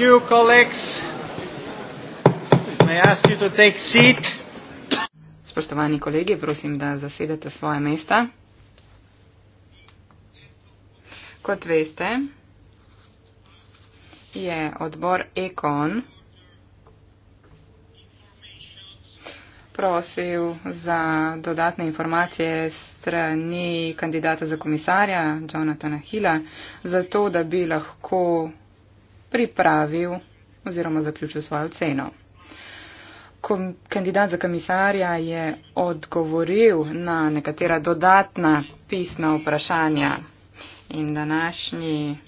you, colleagues. May I ask you to take seat? Spoštovani kolegi, prosim, da zasedete svoje mesta. Kot veste, je odbor Ekon prosil za dodatne informacije strani kandidata za komisarja Jonathana Hilla, zato da bi lahko pripravil oziroma zaključil svojo oceno. Kandidat za komisarja je odgovoril na nekatera dodatna pisna vprašanja in današnji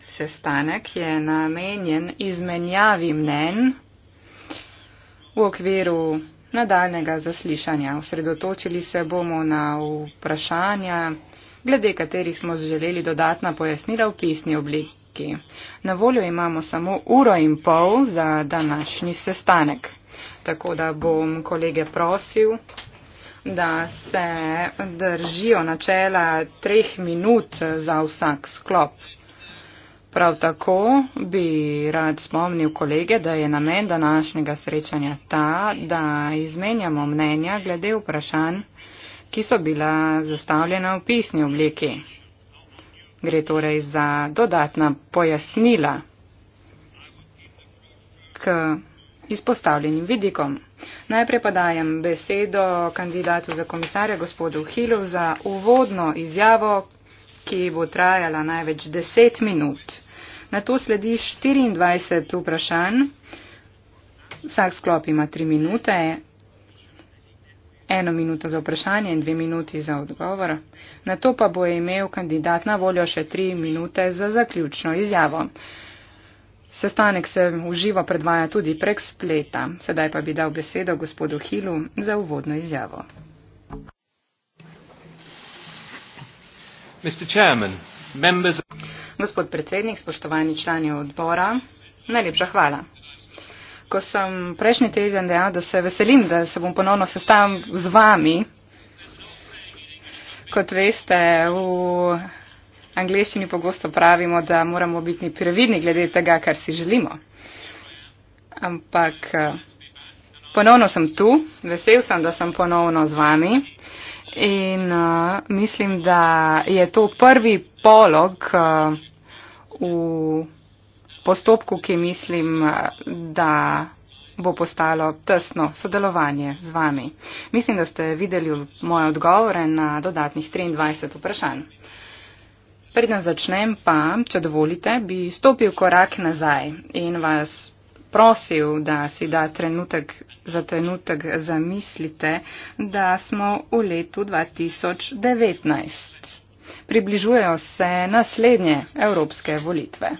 sestanek je namenjen izmenjavi mnen v okviru nadaljnega zaslišanja. Osredotočili se bomo na vprašanja, glede katerih smo želeli dodatna pojasnila v pisni obliki. Ameriki. Na voljo imamo samo uro in pol za današnji sestanek. Tako da bom kolege prosil, da se držijo načela treh minut za vsak sklop. Prav tako bi rad spomnil kolege, da je namen današnjega srečanja ta, da izmenjamo mnenja glede vprašanj, ki so bila zastavljena v pisni obliki. Gre torej za dodatna pojasnila k izpostavljenim vidikom. Najprej pa dajem besedo kandidatu za komisarja gospodu Hilu za uvodno izjavo, ki bo trajala največ 10 minut. Na to sledi 24 vprašanj. Vsak sklop ima 3 minute, eno minuto za vprašanje in dve minuti za odgovor. Na to pa bo imel kandidat na voljo še tri minute za zaključno izjavo. Sestanek se uživo predvaja tudi prek spleta. Sedaj pa bi dal besedo gospodu Hilu za uvodno izjavo. Chairman, members... Gospod predsednik, spoštovani člani odbora, najlepša hvala ko sem prejšnji teden dejal, da se veselim, da se bom ponovno sestavljal z vami, kot veste, v angliščini pogosto pravimo, da moramo biti previdni glede tega, kar si želimo. Ampak eh, ponovno sem tu, vesel sem, da sem ponovno z vami. In uh, mislim, da je to prvi polog uh, v postopku, ki mislim, da bo postalo tesno sodelovanje z vami. Mislim, da ste videli moje odgovore na dodatnih 23 vprašanj. Preden začnem pa, če dovolite, bi stopil korak nazaj in vas prosil, da si da trenutek za trenutek zamislite, da smo v letu 2019. Približujejo se naslednje evropske volitve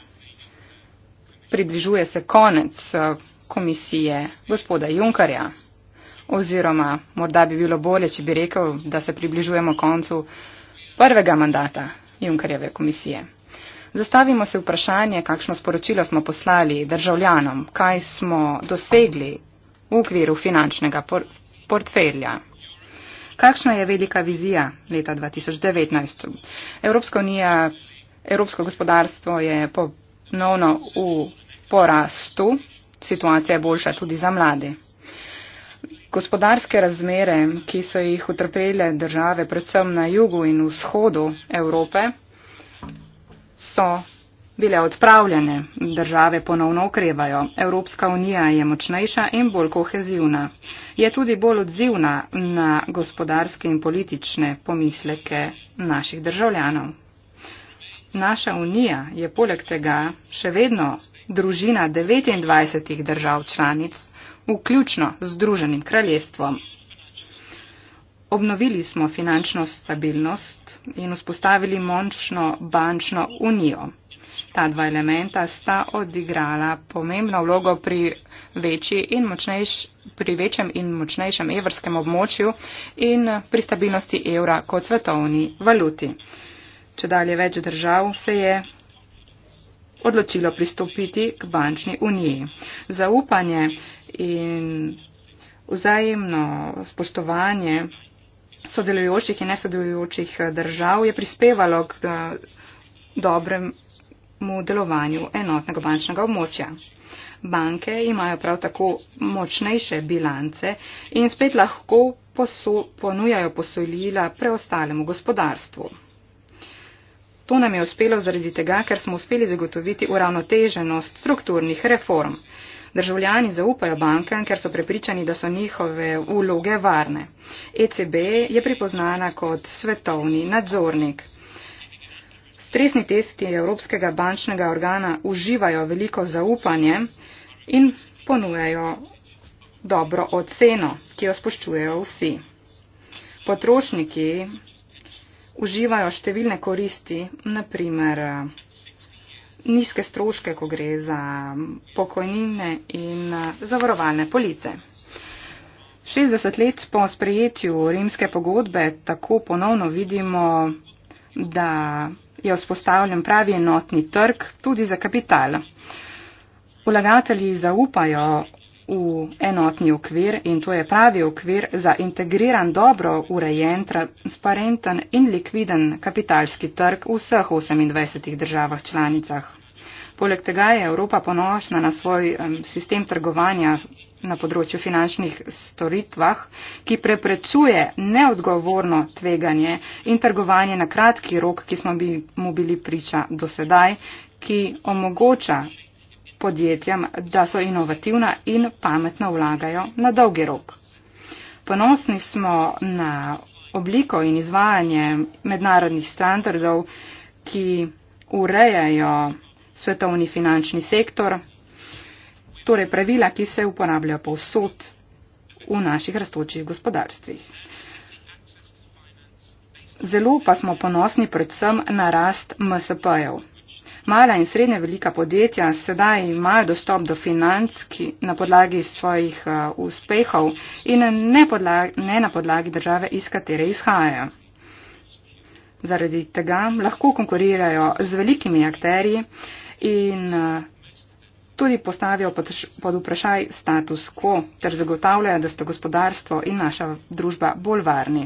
približuje se konec eh, komisije gospoda Junkarja. Oziroma, morda bi bilo bolje, če bi rekel, da se približujemo koncu prvega mandata Junkarjeve komisije. Zastavimo se vprašanje, kakšno sporočilo smo poslali državljanom, kaj smo dosegli v okviru finančnega por portfelja. Kakšna je velika vizija leta 2019? Evropska unija, evropsko gospodarstvo je po ponovno v porastu, situacija je boljša tudi za mlade. Gospodarske razmere, ki so jih utrpele države, predvsem na jugu in vzhodu Evrope, so bile odpravljene, države ponovno okrevajo. Evropska unija je močnejša in bolj kohezivna. Je tudi bolj odzivna na gospodarske in politične pomisleke naših državljanov. Naša unija je poleg tega še vedno družina 29 držav članic, vključno z Združenim kraljestvom. Obnovili smo finančno stabilnost in vzpostavili močno bančno unijo. Ta dva elementa sta odigrala pomembno vlogo pri, in močnejš, pri večjem in močnejšem evrskem območju in pri stabilnosti evra kot svetovni valuti če dalje več držav se je odločilo pristopiti k bančni uniji. Zaupanje in vzajemno spoštovanje sodelujočih in nesodelujočih držav je prispevalo k eh, dobremu delovanju enotnega bančnega območja. Banke imajo prav tako močnejše bilance in spet lahko posu, ponujajo posojila preostalemu gospodarstvu. To nam je uspelo zaradi tega, ker smo uspeli zagotoviti uravnoteženost strukturnih reform. Državljani zaupajo bankam, ker so prepričani, da so njihove uloge varne. ECB je pripoznana kot svetovni nadzornik. Stresni testi Evropskega bančnega organa uživajo veliko zaupanje in ponujajo dobro oceno, ki jo spoščujejo vsi. Potrošniki uživajo številne koristi, naprimer eh, nizke stroške, ko gre za pokojnine in eh, zavarovalne police. 60 let po sprejetju rimske pogodbe tako ponovno vidimo, da je vzpostavljen pravi enotni trg tudi za kapital. Ulagatelji zaupajo v enotni okvir in to je pravi okvir za integriran, dobro urejen, transparenten in likviden kapitalski trg v vseh 28 državah članicah. Poleg tega je Evropa ponosna na svoj sistem trgovanja na področju finančnih storitvah, ki preprečuje neodgovorno tveganje in trgovanje na kratki rok, ki smo bi mu bili priča do sedaj, ki omogoča podjetjem, da so inovativna in pametno vlagajo na dolgi rok. Ponosni smo na obliko in izvajanje mednarodnih standardov, ki urejajo svetovni finančni sektor, torej pravila, ki se uporabljajo povsod v naših rastočih gospodarstvih. Zelo pa smo ponosni predvsem na rast MSP-jev. Mala in srednje velika podjetja sedaj imajo dostop do financ ki, na podlagi svojih uh, uspehov in ne, podlagi, ne na podlagi države, iz katere izhajajo. Zaradi tega lahko konkurirajo z velikimi akterji in uh, tudi postavijo pod, pod vprašaj status quo ter zagotavljajo, da sta gospodarstvo in naša družba bolj varni.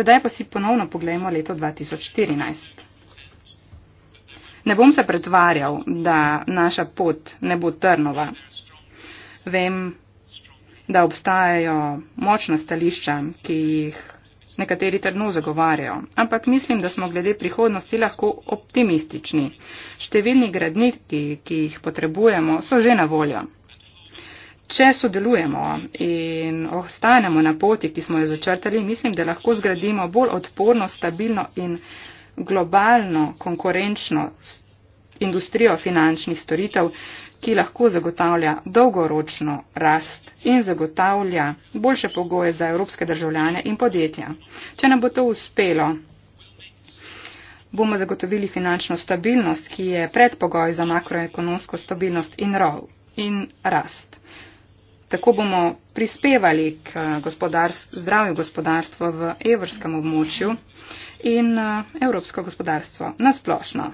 Sedaj pa si ponovno pogledamo leto 2014. Ne bom se pretvarjal, da naša pot ne bo trnova. Vem, da obstajajo močna stališča, ki jih nekateri trdno zagovarjajo, ampak mislim, da smo glede prihodnosti lahko optimistični. Številni gradniki, ki jih potrebujemo, so že na voljo. Če sodelujemo in ostanemo na poti, ki smo jo začrtali, mislim, da lahko zgradimo bolj odporno, stabilno in globalno konkurenčno industrijo finančnih storitev, ki lahko zagotavlja dolgoročno rast in zagotavlja boljše pogoje za evropske državljane in podjetja. Če nam bo to uspelo, bomo zagotovili finančno stabilnost, ki je predpogoj za makroekonomsko stabilnost in rov in rast. Tako bomo prispevali k eh, gospodarstv, zdravju gospodarstva v evrskem območju in eh, evropsko gospodarstvo nasplošno.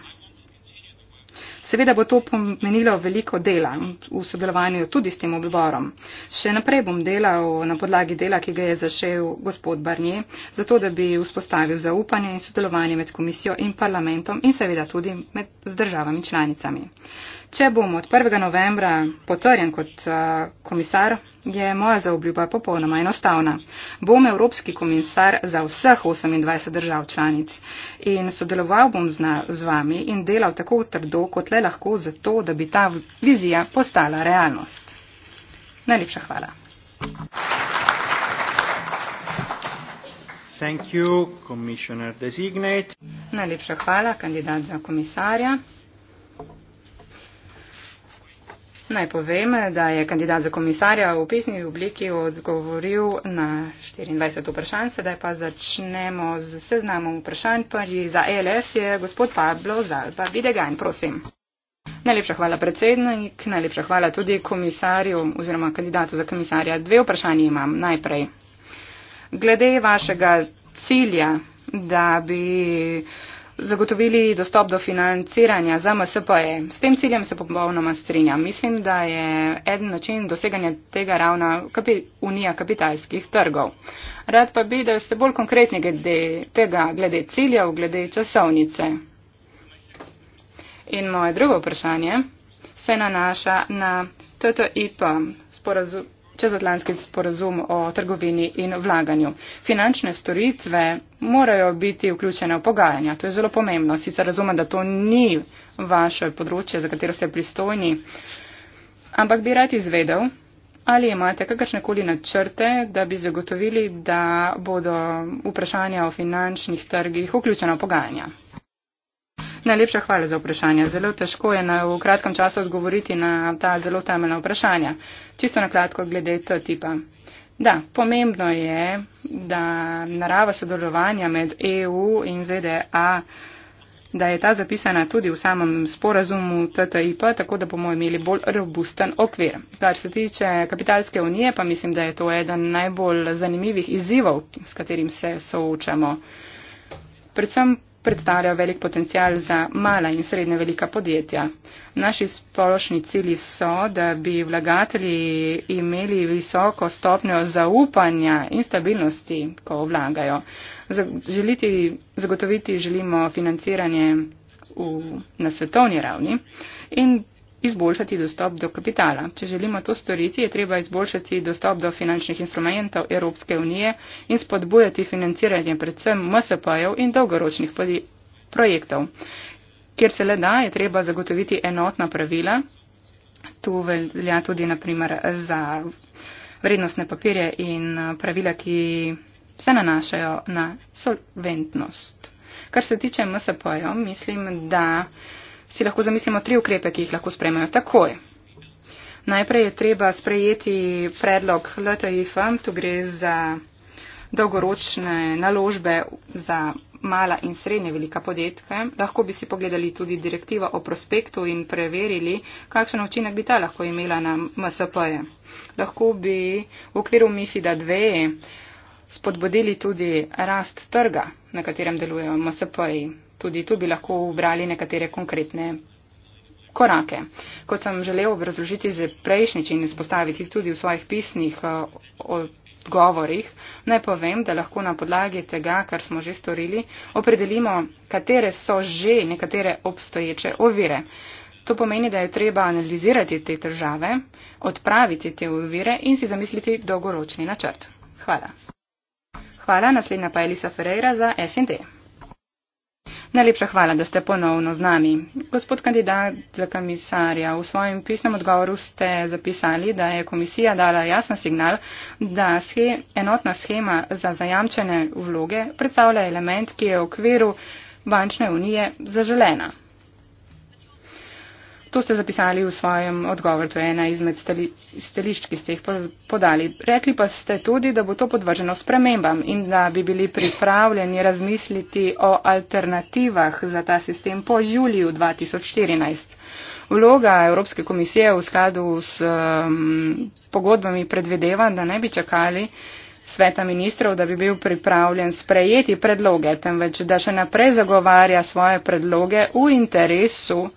Seveda bo to pomenilo veliko dela v sodelovanju tudi s tem odborom. Še naprej bom delal na podlagi dela, ki ga je zašel gospod Barnier, zato da bi vzpostavil zaupanje in sodelovanje med komisijo in parlamentom in seveda tudi med državami članicami. Če bom od 1. novembra potrjen kot eh, komisar, je moja zaobljuba popolnoma enostavna. Bom evropski komisar za vseh 28 držav članic in sodeloval bom zna, z vami in delal tako trdo, kot le lahko, zato, da bi ta vizija postala realnost. Najlepša hvala. Thank you, Najlepša hvala, kandidat za komisarja. Naj povem, da je kandidat za komisarja v pisni obliki odgovoril na 24 vprašanj, sedaj pa začnemo z seznamom vprašanj. Prvi za e LS je gospod Pablo Zalba Videgan, prosim. Najlepša hvala predsednik, najlepša hvala tudi komisarju oziroma kandidatu za komisarja. Dve vprašanje imam najprej. Glede vašega cilja, da bi zagotovili dostop do financiranja za MSP-je. S tem ciljem se popolnoma strinjam. Mislim, da je eden način doseganja tega ravna kapi Unija kapitalskih trgov. Rad pa bi, da ste bolj konkretni glede tega, glede ciljev, glede časovnice. In moje drugo vprašanje se nanaša na TTIP, sporazum čezatlantskim sporazum o trgovini in vlaganju. Finančne storitve morajo biti vključene v pogajanja. To je zelo pomembno. Sicer razumem, da to ni vaše področje, za katero ste pristojni, ampak bi rad izvedel, ali imate kakršnekoli načrte, da bi zagotovili, da bodo vprašanja o finančnih trgih vključena v pogajanja. Najlepša hvala za vprašanje. Zelo težko je na, v kratkem času odgovoriti na ta zelo temeljna vprašanja. Čisto na kratko glede T tipa. Da, pomembno je, da narava sodelovanja med EU in ZDA, da je ta zapisana tudi v samem sporazumu TTIP, tako da bomo imeli bolj robusten okvir. Kar se tiče kapitalske unije, pa mislim, da je to eden najbolj zanimivih izzivov, s katerim se soočamo. Predvsem predstavljajo velik potencial za mala in srednje velika podjetja. Naši splošni cilji so, da bi vlagatelji imeli visoko stopnjo zaupanja in stabilnosti, ko vlagajo. Želiti, zagotoviti želimo financiranje v, na svetovni ravni in izboljšati dostop do kapitala. Če želimo to storiti, je treba izboljšati dostop do finančnih instrumentov Evropske unije in spodbujati financiranje predvsem MSP-jev in dolgoročnih projektov. Ker se le da, je treba zagotoviti enotna pravila. Tu velja tudi naprimer za vrednostne papirje in pravila, ki se nanašajo na solventnost. Kar se tiče MSP-jev, mislim, da si lahko zamislimo tri ukrepe, ki jih lahko sprejmejo takoj. Najprej je treba sprejeti predlog LTIF, tu gre za dolgoročne naložbe za mala in srednje velika podjetka. Lahko bi si pogledali tudi direktivo o prospektu in preverili, kakšen učinek bi ta lahko imela na MSP-je. Lahko bi v okviru MIFIDA 2 spodbodili tudi rast trga, na katerem delujejo MSP-ji tudi tu bi lahko ubrali nekatere konkretne korake. Kot sem želel razložiti z prejšnjič in izpostaviti tudi v svojih pisnih eh, odgovorih, naj povem, da lahko na podlagi tega, kar smo že storili, opredelimo, katere so že nekatere obstoječe ovire. To pomeni, da je treba analizirati te države, odpraviti te ovire in si zamisliti dolgoročni načrt. Hvala. Hvala, naslednja pa je Elisa Ferreira za SND. Najlepša hvala, da ste ponovno z nami. Gospod kandidat za komisarja, v svojem pisnem odgovoru ste zapisali, da je komisija dala jasen signal, da sche, enotna schema za zajamčene vloge predstavlja element, ki je v okviru bančne unije zaželena. To ste zapisali v svojem odgovoru, to je ena izmed stali, stališč, ki ste jih podali. Rekli pa ste tudi, da bo to podvrženo spremembam in da bi bili pripravljeni razmisliti o alternativah za ta sistem po juliju 2014. Vloga Evropske komisije v skladu s um, pogodbami predvideva, da ne bi čakali sveta ministrov, da bi bil pripravljen sprejeti predloge, temveč da še naprej zagovarja svoje predloge v interesu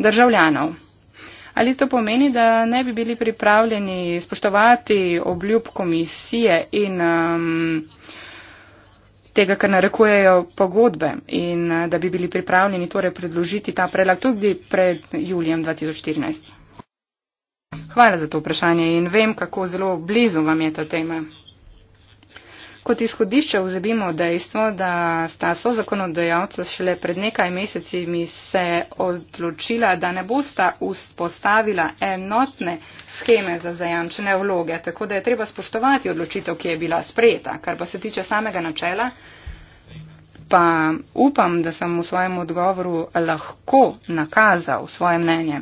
državljanov. Ali to pomeni, da ne bi bili pripravljeni spoštovati obljub komisije in um, tega, kar narekujejo pogodbe in uh, da bi bili pripravljeni torej predložiti ta predlog tudi pred julijem 2014? Hvala za to vprašanje in vem, kako zelo blizu vam je ta tema. Kot izhodišče vzebimo dejstvo, da sta so zakonodajalca šele pred nekaj meseci mi se odločila, da ne bosta vzpostavila enotne scheme za zajamčene vloge, tako da je treba spoštovati odločitev, ki je bila sprejeta. Kar pa se tiče samega načela, pa upam, da sem v svojem odgovoru lahko nakazal svoje mnenje.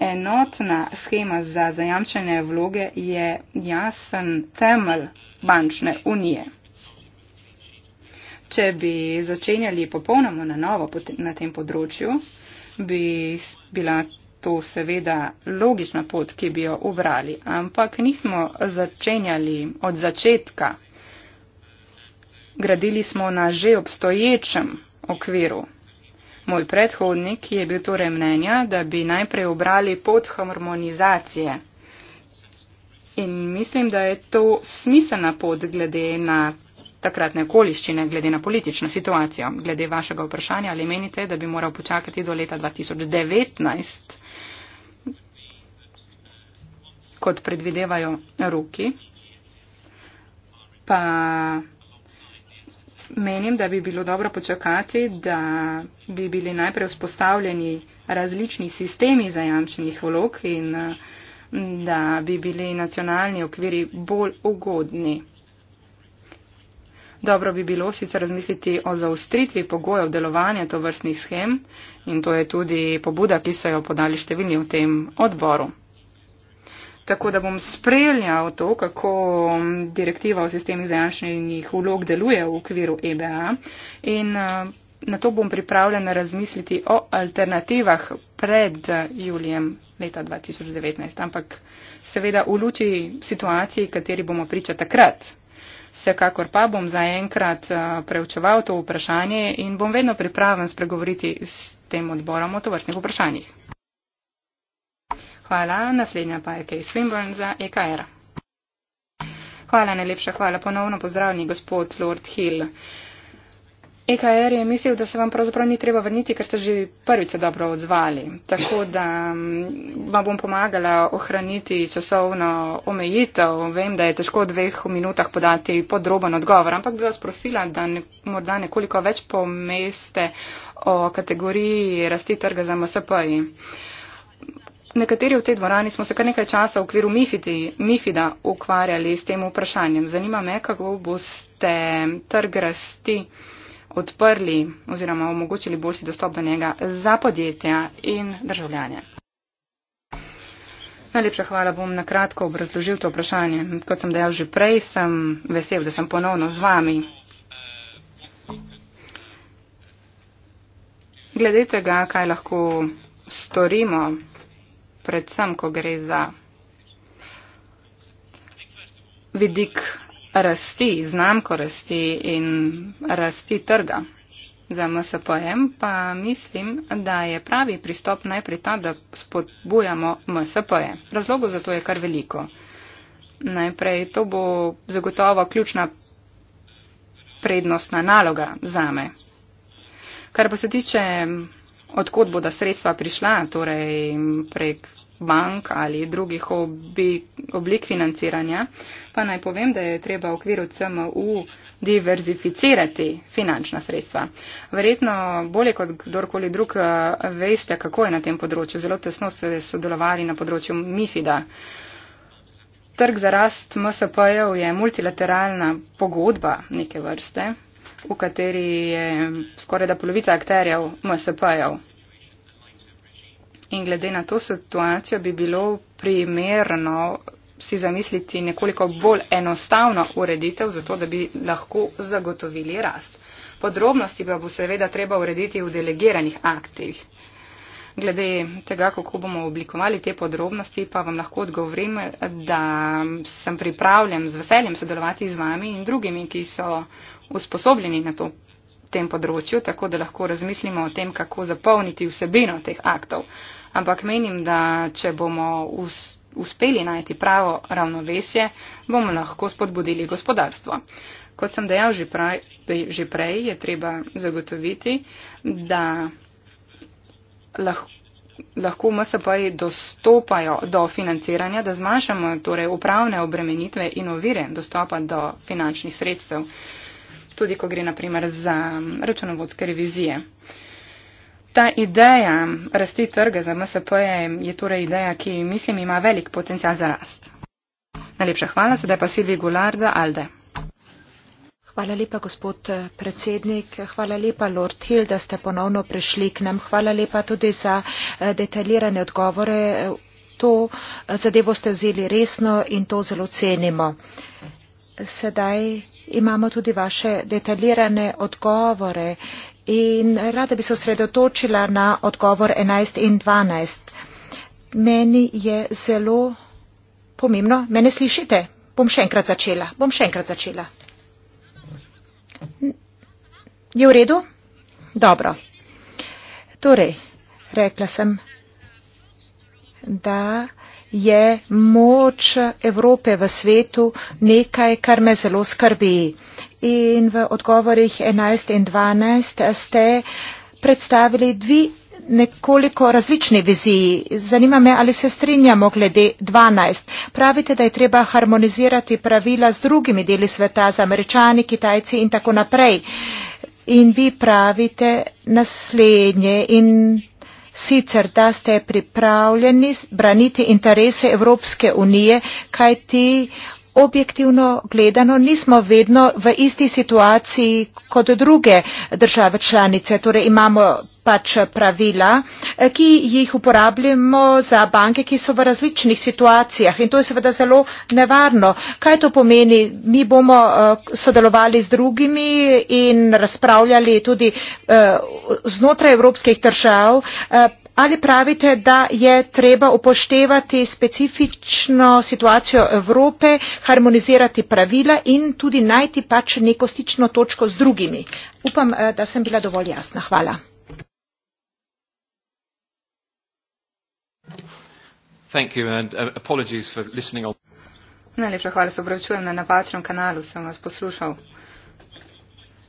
Enotna schema za zajamčene vloge je jasen temelj bančne unije če bi začenjali popolnoma na novo na tem področju, bi bila to seveda logična pot, ki bi jo obrali, ampak nismo začenjali od začetka. Gradili smo na že obstoječem okviru. Moj predhodnik je bil torej mnenja, da bi najprej obrali pot harmonizacije. In mislim, da je to smiselna pot glede na takratne okoliščine glede na politično situacijo. Glede vašega vprašanja, ali menite, da bi moral počakati do leta 2019, kot predvidevajo ruki, pa menim, da bi bilo dobro počakati, da bi bili najprej vzpostavljeni različni sistemi zajamčenih vlog in mm, da bi bili nacionalni okviri bolj ugodni. Dobro bi bilo sicer razmisliti o zaustritvi pogojev delovanja to vrstnih schem in to je tudi pobuda, ki so jo podali številni v tem odboru. Tako da bom spremljal to, kako direktiva o sistemih zajamčenih vlog deluje v okviru EBA in eh, na to bom pripravljen razmisliti o alternativah pred eh, julijem leta 2019, ampak seveda v luči situaciji, kateri bomo priča takrat. Vsekakor pa bom zaenkrat eh, preučeval to vprašanje in bom vedno pripraven spregovoriti s tem odborom o tovrstnih vprašanjih. Hvala, naslednja pa je Kay Swinburne za EKR. Hvala, najlepša hvala, ponovno pozdravni gospod Lord Hill. Uh, EKR je mislil, da se vam pravzaprav ni treba vrniti, ker ste že prvice dobro odzvali. Tako da mm, vam bom pomagala ohraniti časovno omejitev. Vem, da je težko v dveh minutah podati podroben odgovor, ampak bi vas prosila, da ne, morda nekoliko več pomeste o kategoriji rasti trga za MSP-ji. Nekateri v tej dvorani smo se kar nekaj časa v okviru Mifidi, Mifida ukvarjali s tem vprašanjem. Zanima me, kako boste trg rasti odprli oziroma omogočili boljši dostop do njega za podjetja in državljanje. Najlepša hvala bom na kratko obrazložil to vprašanje. Kot sem dejal že prej, sem vesel, da sem ponovno z vami. Glede tega, kaj lahko storimo, predvsem, ko gre za vidik rasti, znamko rasti in rasti trga. Za MSPM pa mislim, da je pravi pristop najprej ta, da spodbujamo MSPM. Razlogo za to je kar veliko. Najprej to bo zagotovo ključna prednostna naloga za me. Kar pa se tiče, odkot bodo sredstva prišla, torej prek bank ali drugih oblik financiranja, pa naj povem, da je treba v okviru CMU diverzificirati finančna sredstva. Verjetno bolje kot kdorkoli drug eh, veste, kako je na tem področju. Zelo tesno ste sodelovali na področju MIFID-a. Trg za rast MSP-jev je multilateralna pogodba neke vrste, v kateri je skoraj da polovica akterjev MSP-jev in glede na to situacijo bi bilo primerno si zamisliti nekoliko bolj enostavno ureditev, zato da bi lahko zagotovili rast. Podrobnosti pa bo seveda treba urediti v delegiranih aktih. Glede tega, kako bomo oblikovali te podrobnosti, pa vam lahko odgovorim, da sem pripravljen z veseljem sodelovati z vami in drugimi, ki so usposobljeni na to, tem področju, tako da lahko razmislimo o tem, kako zapolniti vsebino teh aktov ampak menim, da če bomo us, uspeli najti pravo ravnovesje, bomo lahko spodbudili gospodarstvo. Kot sem dejal že, praj, že prej, je treba zagotoviti, da lahko lahko MSP-ji dostopajo do financiranja, da zmanjšamo torej upravne obremenitve in ovire dostopa do finančnih sredstev, tudi ko gre naprimer za računovodske revizije. Uh, Ta ideja rasti trga za MSP je, je torej ideja, ki mislim ima velik potencial za rast. Najlepša hvala, sedaj pa Silvi Gular za Alde. Hvala lepa, gospod eh, predsednik. Hvala lepa, Lord Hill, da ste ponovno prišli k nam. Hvala lepa tudi za eh, detaljirane odgovore. Eh, to zadevo ste vzeli resno in to zelo cenimo. Sedaj imamo tudi vaše detaljirane odgovore in rada bi se osredotočila na odgovor 11 in 12. Meni je zelo pomembno, mene slišite? Bom še enkrat začela. Bom še enkrat začela. Je v redu? Dobro. Torej, rekla sem, da je moč Evrope v svetu nekaj, kar me zelo skrbi in v odgovorih 11 in 12 ste predstavili dvi nekoliko različni viziji. Zanima me, ali se strinjamo glede 12. Pravite, da je treba harmonizirati pravila z drugimi deli sveta, z američani, kitajci in tako naprej. In vi pravite naslednje in sicer, da ste pripravljeni braniti interese Evropske unije, kaj ti objektivno gledano nismo vedno v isti situaciji kot druge države članice. Torej imamo pač pravila, eh, ki jih uporabljamo za banke, ki so v različnih situacijah in to je seveda zelo nevarno. Kaj to pomeni? Mi bomo eh, sodelovali z drugimi in razpravljali tudi eh, znotraj evropskih držav, ali pravite da je treba upoštevati specifično situacijo evrope harmonizirati pravila in tudi najti pač neko stično točko z drugimi upam eh, da sem bila dovolj jasna hvala Thank you and uh, apologies for listening on Najlepša hvala, se obračujem na napačnem kanalu, sem vas poslušal.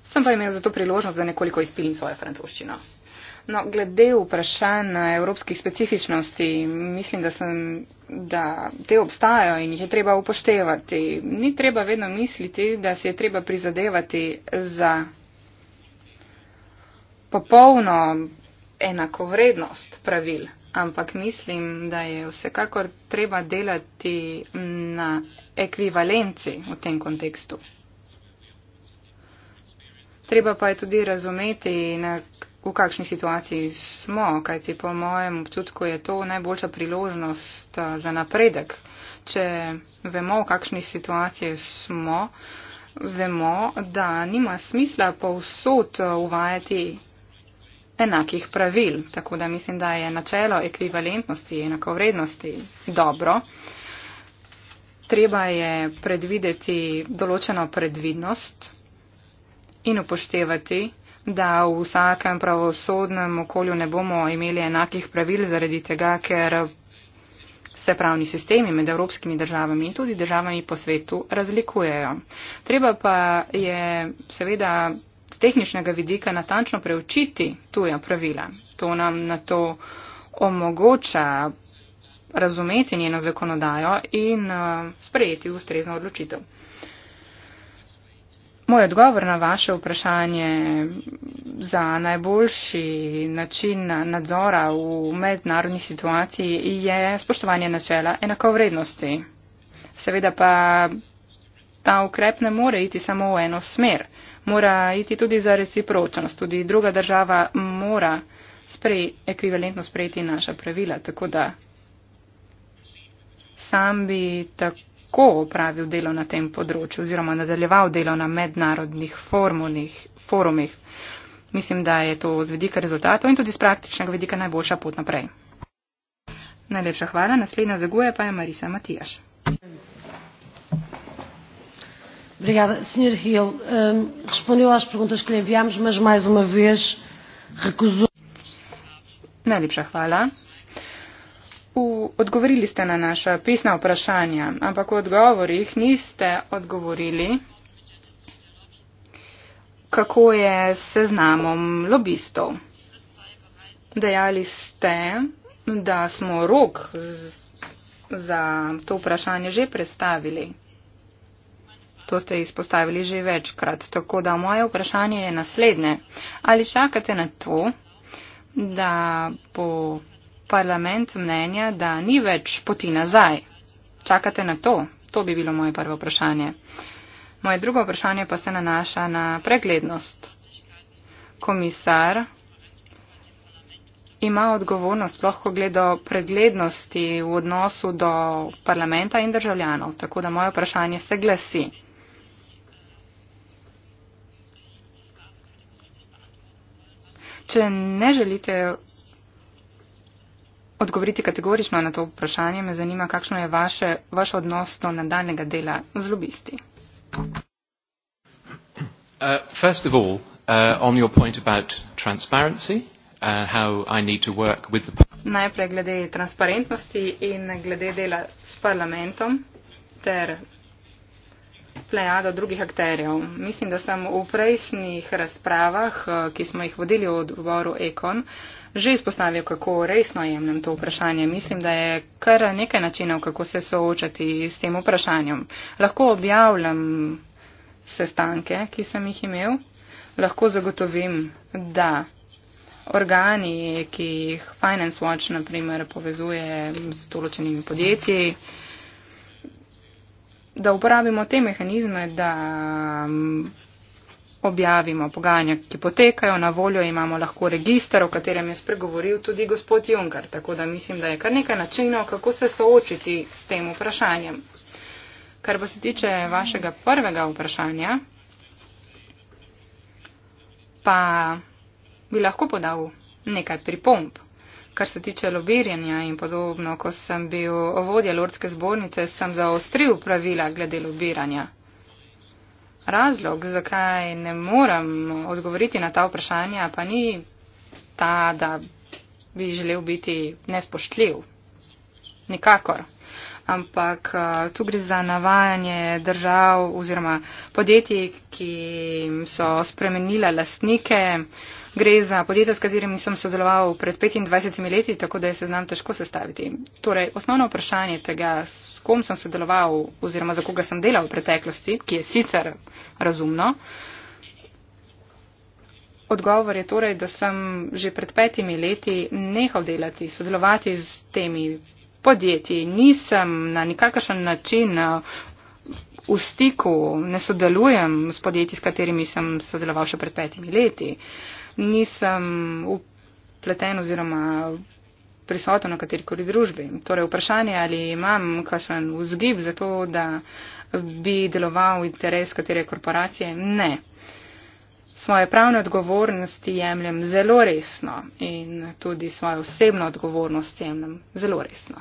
Sem pa imel za to priložnost, da nekoliko izpilim svojo francoščino. No, glede vprašanj evropskih specifičnosti, mislim, da, sem, da te obstajajo in jih je treba upoštevati. Ni treba vedno misliti, da si je treba prizadevati za popolno enakovrednost pravil, ampak mislim, da je vsekakor treba delati na ekvivalenci v tem kontekstu. Treba pa je tudi razumeti, na v kakšni situaciji smo, kajti po mojem občutku je to najboljša priložnost eh, za napredek. Če vemo, v kakšni situaciji smo, vemo, da nima smisla povsod eh, uvajati enakih pravil. Tako da mislim, da je načelo ekvivalentnosti, enakovrednosti dobro. Treba je predvideti določeno predvidnost in upoštevati da v vsakem pravosodnem okolju ne bomo imeli enakih pravil zaradi tega, ker se pravni sistemi med evropskimi državami in tudi državami po svetu razlikujejo. Treba pa je seveda z tehničnega vidika natančno preučiti tuja pravila. To nam na to omogoča razumeti njeno zakonodajo in eh, sprejeti ustrezno odločitev. Moj odgovor na vaše vprašanje za najboljši način nadzora v mednarodni situaciji je spoštovanje načela enakovrednosti. Seveda pa ta ukrep ne more iti samo v eno smer, mora iti tudi za recipročnost. Tudi druga država mora sprej, ekvivalentno sprejeti naša pravila. Tako da sam bi tako lahko opravil delo na tem področju oziroma nadaljeval delo na mednarodnih formulih, forumih. Mislim, da je to z vedika rezultatov in tudi z praktičnega vedika najboljša pot naprej. Najlepša hvala. Naslednja zaguje pa je Marisa Matijaš. Obrigada, senhor Hill. Um, respondeu às perguntas que lhe enviamos, mas mais uma vez recusou. Najlepša hvala. V, odgovorili ste na naša pisna vprašanja, ampak v odgovorih niste odgovorili, kako je seznamom lobistov. Dejali ste, da smo rok z, za to vprašanje že predstavili. To ste izpostavili že večkrat. Tako da moje vprašanje je naslednje. Ali čakate na to, da bo parlament mnenja, da ni več poti nazaj? Čakate na to? To bi bilo moje prvo vprašanje. Moje drugo vprašanje pa se nanaša na preglednost. Komisar ima odgovornost, sploh ko gre do preglednosti v odnosu do parlamenta in državljanov. Tako da moje vprašanje se glasi. Če ne želite odgovoriti kategorično na to vprašanje, me zanima, kakšno je vaše, vaš odnos do nadaljnega dela z lobisti. Uh, uh, uh, Najprej glede transparentnosti in glede dela s parlamentom ter plejado drugih akterjev. Mislim, da sem v prejšnjih razpravah, ki smo jih vodili v odboru Ekon, uh, že izpostavil, kako resno jemljem to vprašanje. Mislim, da je kar nekaj načinov, kako se soočati s tem vprašanjem. Lahko objavljam sestanke, ki sem jih imel, lahko zagotovim, da organi, ki jih Finance Watch naprimer povezuje z določenimi podjetji, da uporabimo te mehanizme, da objavimo pogajanja, ki potekajo, na voljo imamo lahko registar, o katerem je spregovoril tudi gospod Junker, tako da mislim, da je kar nekaj načinov, kako se soočiti s tem vprašanjem. Kar pa se tiče vašega prvega vprašanja, pa bi lahko podal nekaj pripomp. Kar se tiče lobiranja in podobno, ko sem bil vodja Lordske zbornice, sem zaostril pravila glede lobiranja. Razlog, zakaj ne morem odgovoriti na ta vprašanja, pa ni ta, da bi želel biti nespoštljiv. Nikakor. Ampak eh, tu gre za navajanje držav oziroma podjetij, ki so spremenile lastnike. Gre za podjetje, s katerim nisem sodeloval pred 25 leti, tako da je se znam težko sestaviti. Torej, osnovno vprašanje tega, s kom sem sodeloval oziroma za koga sem delal v preteklosti, ki je sicer razumno. Odgovor je torej, da sem že pred petimi leti nehal delati, sodelovati z temi podjetji. Nisem na nikakršen način eh, v stiku, ne sodelujem s podjetji, s katerimi sem sodeloval še pred petimi leti. Uh, nisem upleten oziroma prisoten na katerikoli družbi. Torej, vprašanje, ali imam kakšen vzgib za to, da bi deloval v interes katere korporacije, ne. Svoje pravne odgovornosti jemljem zelo resno in tudi svojo osebno odgovornost jemljem zelo resno.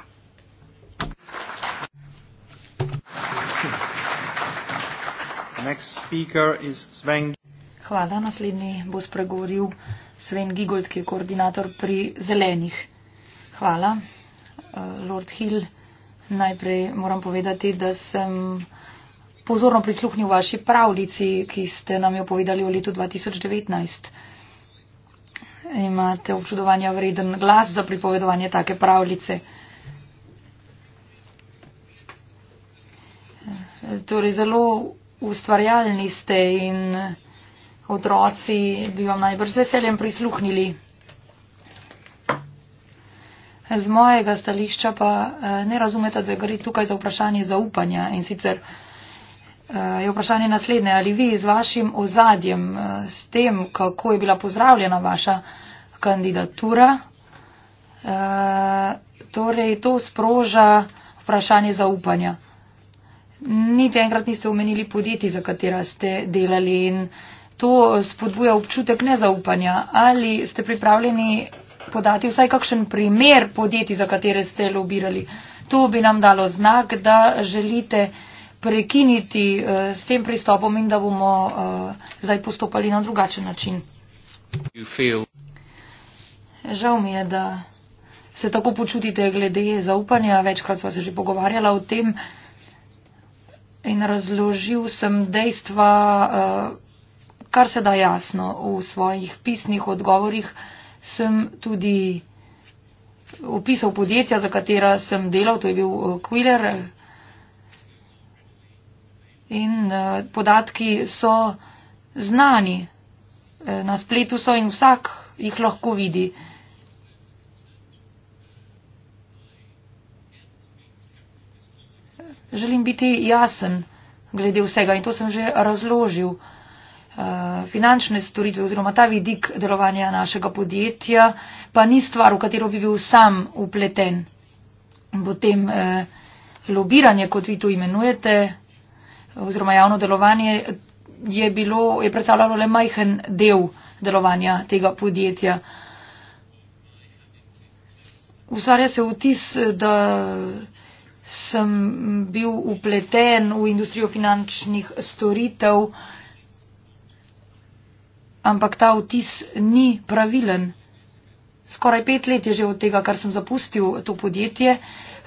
Next speaker is Sven. Hvala. Naslednji bo spregovoril Sven Gigold, ki je koordinator pri zelenih. Hvala. Eh, Lord Hill, najprej moram povedati, da sem pozorno prisluhnil vaši pravljici, ki ste nam jo povedali v letu 2019. Imate občudovanja vreden glas za pripovedovanje take pravljice. Eh, torej, zelo ustvarjalni ste in otroci bi vam najbrž veseljem prisluhnili. Z mojega stališča pa eh, ne razumete, da gre tukaj za vprašanje zaupanja in sicer eh, je vprašanje naslednje, ali vi z vašim ozadjem, eh, s tem, kako je bila pozdravljena vaša kandidatura, torej to sproža vprašanje zaupanja. Niti enkrat niste omenili podjetij, za katera ste delali in to spodbuja občutek nezaupanja. Ali ste pripravljeni podati vsaj kakšen primer podjetij, za katere ste lobirali? To bi nam dalo znak, da želite prekiniti eh, s tem pristopom in da bomo eh, zdaj postopali na drugačen način. Žal mi je, da se tako počutite glede zaupanja. Večkrat sva se že pogovarjala o tem in razložil sem dejstva. Uh, kar se da jasno v svojih pisnih odgovorih, sem tudi opisal podjetja, za katera sem delal, to je bil eh, Quiller. In eh, podatki so znani, eh, na spletu so in vsak jih lahko vidi. Želim biti jasen glede vsega in to sem že razložil. Eh, finančne storitve oziroma ta vidik delovanja našega podjetja pa ni stvar, v katero bi bil sam upleten. Potem eh, lobiranje, kot vi to imenujete, oziroma javno delovanje, je, bilo, je predstavljalo le majhen del delovanja tega podjetja. Ustvarja se vtis, da sem bil upleten v industrijo finančnih storitev, ampak ta vtis ni pravilen. Skoraj pet let je že od tega, kar sem zapustil to podjetje.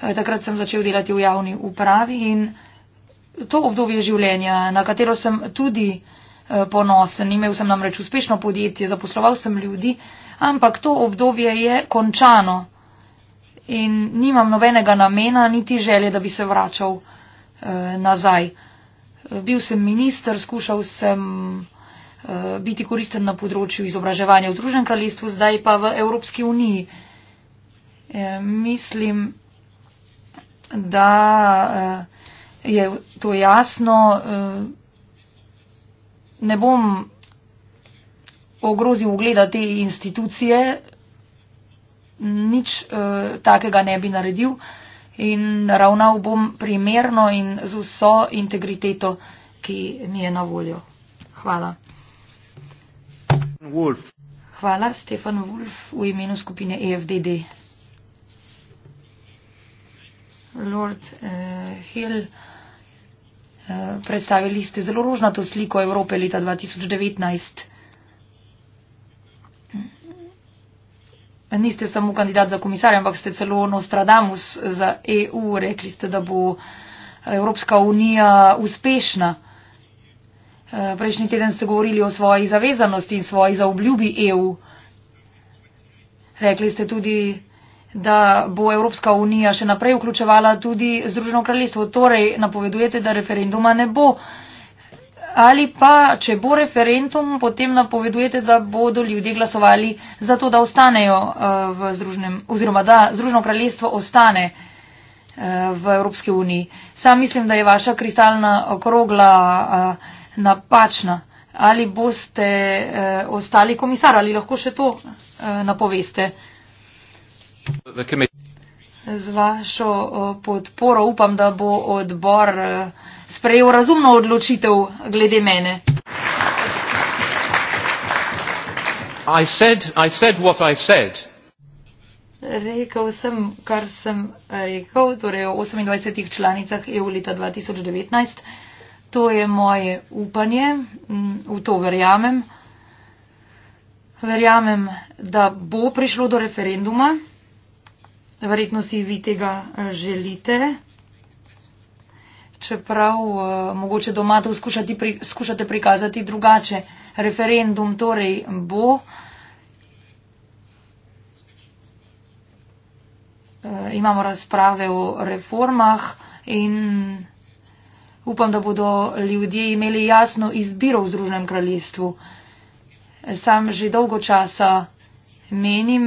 Eh, takrat sem začel delati v javni upravi in to obdobje življenja, na katero sem tudi eh, ponosen, imel sem namreč uspešno podjetje, zaposloval sem ljudi, ampak to obdobje je končano in nimam nobenega namena niti želje, da bi se vračal eh, nazaj. Bil sem minister, skušal sem Eh, biti koristen na področju izobraževanja v Združenem kraljestvu, zdaj pa v Evropski uniji. Eh, mislim, da eh, je to jasno. Ne bom ogrozil ugleda te institucije, nič takega ne bi naredil in ravnal bom primerno in z vso integriteto, ki mi je na voljo. Hvala. Wolf. Hvala, Stefan Wolf, v imenu skupine EFDD. Lord uh, Hill, uh, predstavili ste zelo rožnato sliko Evrope leta 2019. Niste samo kandidat za komisarja, ampak ste celo Nostradamus za EU. Rekli ste, da bo Evropska unija uspešna. Uh, Eh, prejšnji teden ste govorili o svoji zavezanosti in svoji zaobljubi EU. Rekli ste tudi, da bo Evropska unija še naprej vključevala tudi Združeno kraljestvo. Torej, napovedujete, da referenduma ne bo. Ali pa, če bo referendum, potem napovedujete, da bodo ljudje glasovali za to, da ostanejo eh, v Združenem, oziroma da Združeno kraljestvo ostane eh, v Evropski uniji. Sam mislim, da je vaša kristalna okrogla napačna. Ali boste uh, ostali komisar, ali lahko še to uh, napoveste? Z vašo uh, podporo upam, da bo odbor uh, sprejel razumno odločitev glede mene. I said, I said what I said. Rekel sem, kar sem rekel, torej o 28 članicah EU leta 2019. To je moje upanje, mm, v to verjamem. Verjamem, da bo prišlo do referenduma. Verjetno si vi tega želite. Čeprav eh, mogoče doma to skušate prikazati drugače. Referendum torej bo. Eh, imamo razprave o reformah in. Upam, da bodo ljudje imeli jasno izbiro v Združenem kraljestvu. Sam že dolgo časa menim,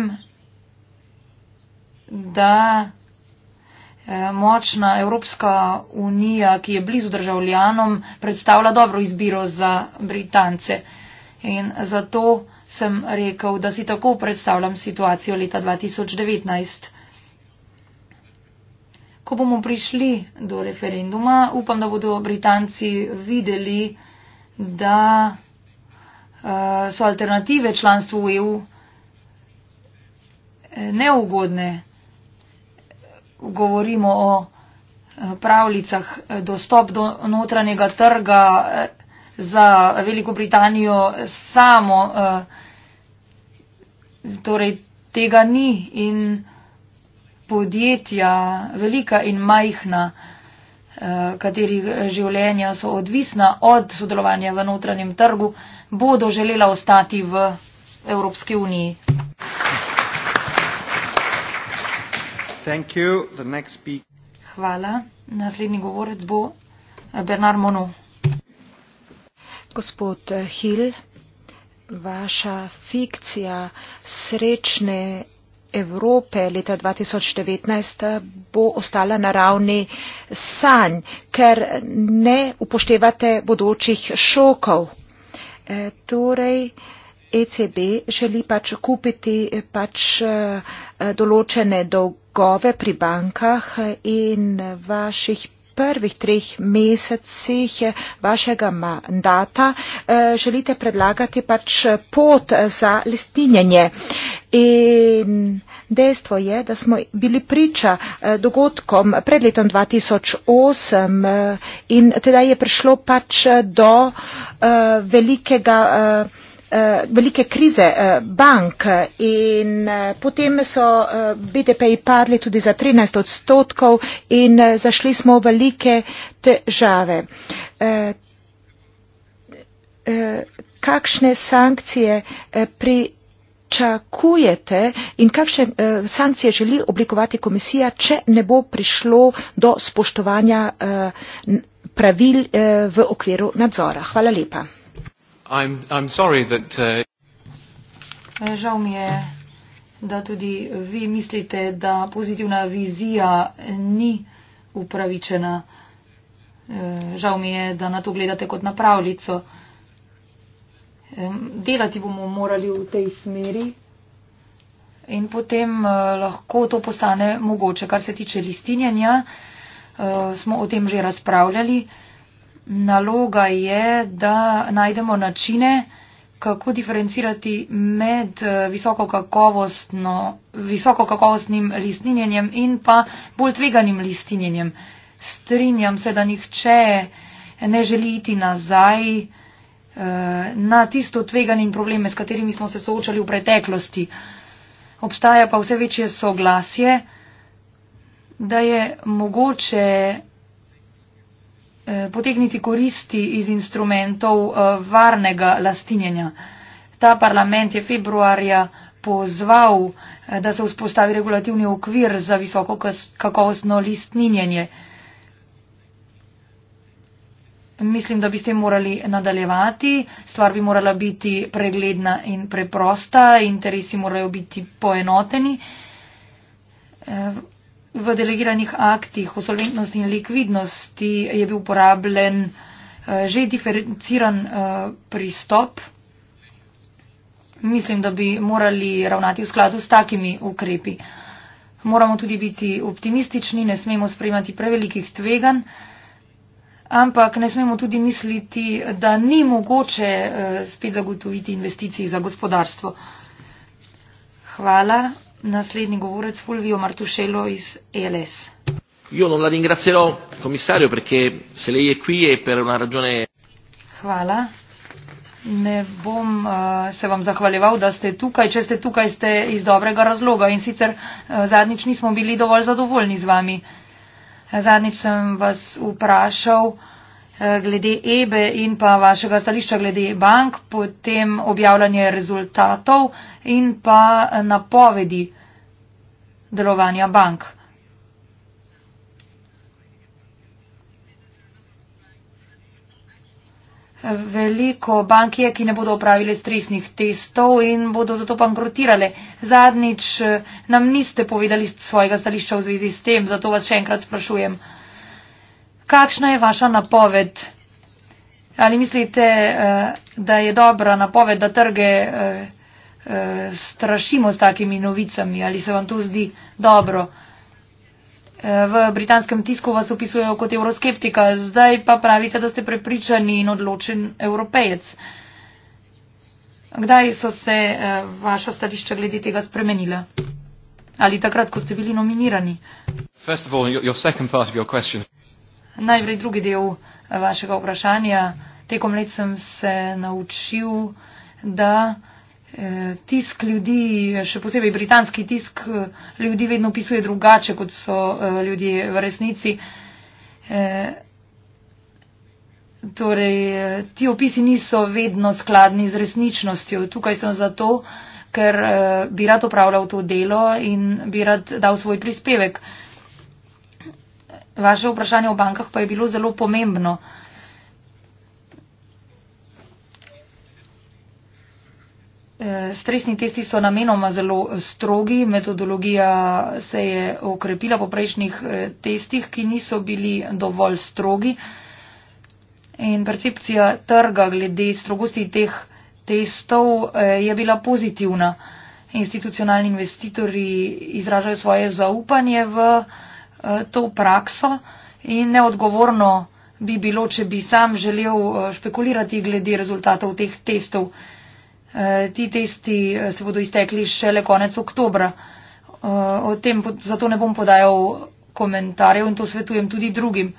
da eh, močna Evropska unija, ki je blizu državljanom, predstavlja dobro izbiro za Britance. In zato sem rekel, da si tako predstavljam situacijo leta 2019 ko bomo prišli do referenduma, upam, da bodo Britanci videli, da eh, so alternative članstvu v EU eh, neugodne. Govorimo o eh, pravljicah, dostop do notranjega trga za Veliko Britanijo samo, torej tega ni in podjetja, velika in majhna, eh, katerih življenja so odvisna od sodelovanja v notranjem trgu, bodo želela ostati v Evropski uniji. Hvala. Naslednji govorec bo Bernard Monod. Gospod Hill, vaša fikcija srečne Evrope leta 2019 bo ostala na ravni sanj, ker ne upoštevate bodočih šokov. E, torej, ECB želi pač kupiti pač e, določene dolgove pri bankah in vaših prvih treh mesecih eh, vašega mandata eh, želite predlagati pač eh, pot za listinjenje. In dejstvo je, da smo bili priča dogodkom pred letom 2008 in teda je prišlo pač do velikega Eh, velike krize eh, bank in eh, potem so BDP-ji padli tudi za 13 odstotkov in zašli smo v velike težave. Kakšne sankcije pričakujete in kakšne sankcije želi oblikovati komisija, če ne bo prišlo do spoštovanja pravil v okviru nadzora? Hvala lepa. I'm, I'm sorry that, uh... Eh, žal mi je, da tudi vi mislite, da pozitivna vizija ni upravičena. Eh, žal mi je, da na to gledate kot na pravljico. Delati bomo morali v tej smeri in potem eh, lahko to postane mogoče. Kar se tiče listinjanja, smo o tem že razpravljali naloga je, da najdemo načine, kako diferencirati med eh, visokokakovostnim listinjenjem in pa bolj tveganim listinjenjem. Strinjam se, da nihče ne želi iti nazaj eh, na tisto tveganje in probleme, s katerimi smo se soočali v preteklosti. Obstaja pa vse večje soglasje, da je mogoče Eh, potegniti koristi iz instrumentov eh, varnega lastinjenja. Ta parlament je februarja pozval, eh, da se vzpostavi regulativni okvir za visoko kakovostno listninjenje. Mislim, da bi s tem morali nadaljevati. Stvar bi morala biti pregledna in preprosta, interesi morajo biti poenoteni. V delegiranih aktih o solventnosti in likvidnosti je bil uporabljen eh, že diferenciran eh, pristop. Mislim, da bi morali ravnati v skladu s takimi ukrepi. Moramo tudi biti optimistični, ne smemo sprejemati prevelikih tvegan, ampak ne smemo tudi misliti, da ni mogoče eh, spet zagotoviti investicij za gospodarstvo. Hvala. Naslednji govorec Fulvio Martuscello iz ELS. Io non la ringrazierò, commissario, perché se lei è qui è per una ragione. Hvala. Ne bom uh, se vam zahvaljeval, da ste tukaj. Če ste tukaj, ste iz dobrega razloga in sicer uh, zadnjič nismo bili dovolj zadovoljni z vami. Eh, zadnjič sem vas vprašal, uh, Eh, glede EBE in pa vašega stališča glede bank, potem objavljanje rezultatov in pa napovedi delovanja bank. Veliko bank je, ki ne bodo opravili stresnih testov in bodo zato bankrotirale. Zadnjič eh, nam niste povedali svojega stališča v zvezi s tem, zato vas še enkrat sprašujem. Kakšna je vaša napoved? Ali mislite, eh, da je dobra napoved, da trge eh, eh, strašimo s takimi novicami? Ali se vam to zdi dobro? V britanskem tisku vas opisujejo kot euroskeptika, zdaj pa pravite, da ste prepričani in odločen evropejec. Kdaj so se vaša stališča glede tega spremenila? Ali takrat, ko ste bili nominirani? First of all, your second part of your question najprej drugi del eh, vašega vprašanja. Tekom let sem se naučil, da eh, tisk ljudi, še posebej britanski tisk eh, ljudi, vedno pisuje drugače, kot so ljudje v resnici. Torej, ti opisi niso vedno skladni z resničnostjo. Tukaj sem zato, ker bi rad opravljal to delo in bi rad dal svoj prispevek. Vaše vprašanje o bankah pa je bilo zelo pomembno. E, stresni testi so namenoma zelo strogi, metodologija se je okrepila po prejšnjih e, testih, ki niso bili dovolj strogi. In percepcija trga glede strogosti teh testov e, je bila pozitivna. Institucionalni investitorji izražajo svoje zaupanje v Eh, to prakso in neodgovorno bi bilo, če bi sam želel eh, špekulirati glede rezultatov teh testov. Eh, ti testi se bodo iztekli šele konec oktobra. O tem zato ne bom podajal komentarjev in to svetujem tudi drugim.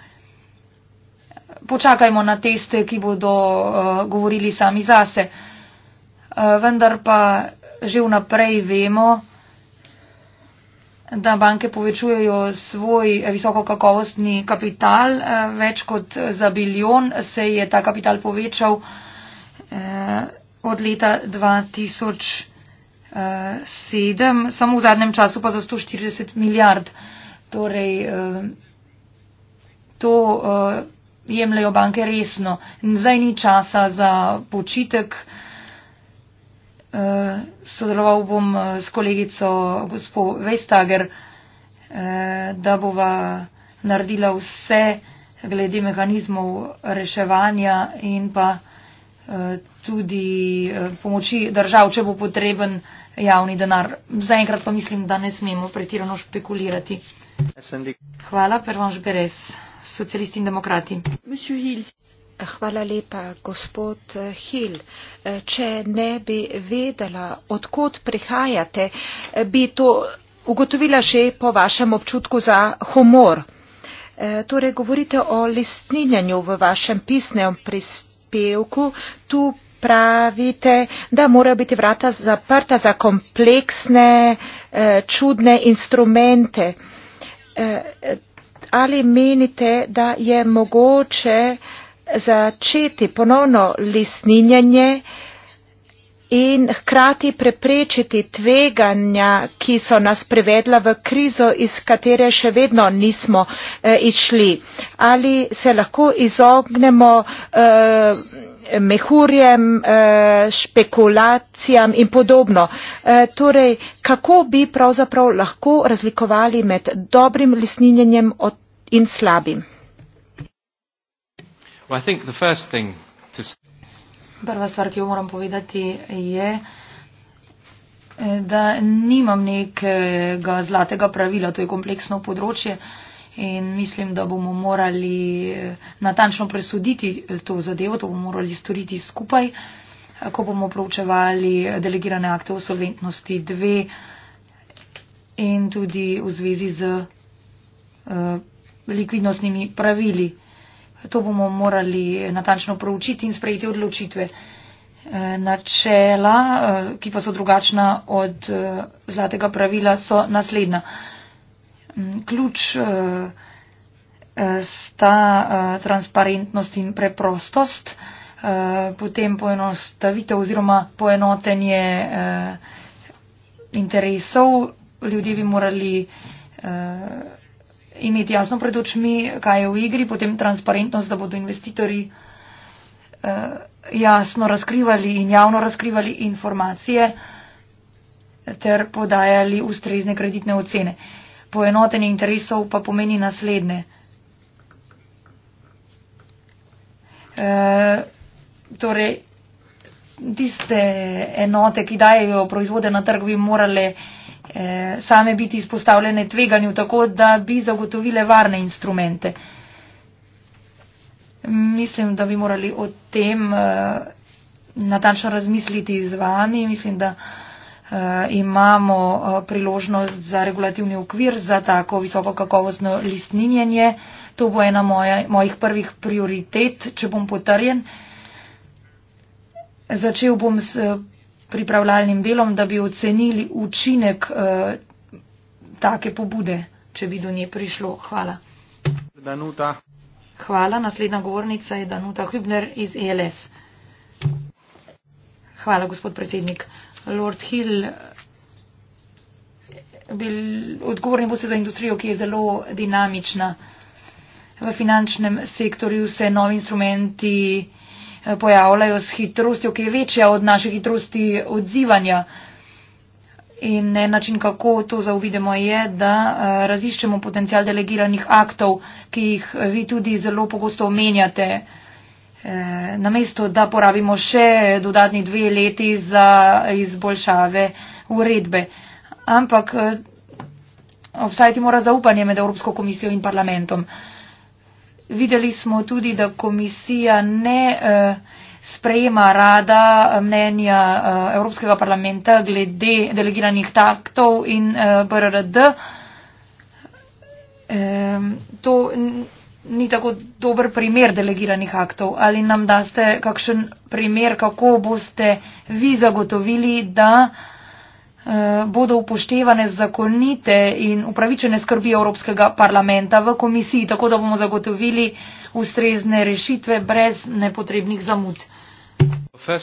Počakajmo na teste, ki bodo govorili sami zase. Vendar pa že vnaprej vemo, da banke povečujejo svoj visokokakovostni kapital, eh, več kot za biljon se je ta kapital povečal eh, od leta 2007, eh, samo v zadnjem času pa za 140 milijard. Torej, to jemljajo banke resno. Zdaj ni časa za počitek. Uh, sodeloval bom eh, s kolegico gospod Vejstager, uh, eh, da bova naredila vse glede mehanizmov reševanja in pa uh, tudi uh, pomoči držav, če bo potreben javni denar. Zaenkrat pa mislim, da ne smemo pretirano špekulirati. Hvala, Pervanž Beres, socialisti in demokrati. Hvala lepa, gospod eh, Hil. Eh, če ne bi vedela, odkot prihajate, eh, bi to ugotovila že po vašem občutku za humor. Torej, govorite o listninjanju v vašem pisnem prispevku. Tu pravite, da morajo biti vrata zaprta za kompleksne, čudne instrumente. Ali menite, da je mogoče, začeti ponovno lisninjanje in hkrati preprečiti tveganja, ki so nas privedla v krizo, iz katere še vedno nismo eh, išli. Ali se lahko izognemo eh, mehurjem, eh, špekulacijam in podobno. Eh, torej, kako bi pravzaprav lahko razlikovali med dobrim lisninjanjem in slabim? Well, I think the first thing to Prva stvar, ki jo moram povedati, je, da nimam nekega zlatega pravila, to je kompleksno področje in mislim, da bomo morali natančno presuditi to zadevo, to bomo morali storiti skupaj, ko bomo proučevali delegirane akte o solventnosti 2 in tudi v zvezi z uh, likvidnostnimi pravili. Uh, To bomo morali natančno proučiti in sprejeti odločitve. E, načela, e, ki pa so drugačna od e, zlatega pravila, so naslednja. Mm, ključ sta transparentnost in preprostost, potem poenostavitev oziroma poenotenje interesov. Ljudje bi morali imeti jasno pred očmi, kaj je v igri, potem transparentnost, da bodo investitorji eh, jasno razkrivali in javno razkrivali informacije ter podajali ustrezne kreditne ocene. Poenotenje interesov pa pomeni naslednje. E, torej, tiste enote, ki dajajo proizvode na trg, bi morale Eh, same biti izpostavljene tveganju, tako da bi zagotovile varne instrumente. Mislim, da bi morali o tem eh, natančno razmisliti z vami. Mislim, da eh, imamo priložnost za regulativni okvir za tako visoko kakovostno listninjenje. To bo ena moja, mojih prvih prioritet, če bom potrjen. Začel bom s pripravljalnim delom, da bi ocenili učinek uh, take pobude, če bi do nje prišlo. Hvala. Danuta. Hvala. Naslednja govornica je Danuta Hübner iz ELS. Hvala, gospod predsednik. Lord Hill, bil, odgovorni boste za industrijo, ki je zelo dinamična. V finančnem sektorju se novi instrumenti. Eh, pojavljajo s hitrostjo, ki je večja od naše hitrosti odzivanja. In ne, način, kako to zauvidemo, je, da eh, raziščemo potencial delegiranih aktov, ki jih vi tudi zelo pogosto omenjate. Eh, namesto, da porabimo še dodatni dve leti za izboljšave uredbe. Ampak obstajati mora zaupanje med Evropsko komisijo in parlamentom. Videli smo tudi, da komisija ne eh, sprejema rada eh, mnenja eh, Evropskega parlamenta glede delegiranih taktov in BRRD. To ni tako dober primer delegiranih aktov. Ali nam daste kakšen primer, kako boste vi zagotovili, da Eh, bodo upoštevane zakonite in upravičene skrbi Evropskega parlamenta v komisiji, tako da bomo zagotovili ustrezne rešitve brez nepotrebnih zamud. Eh,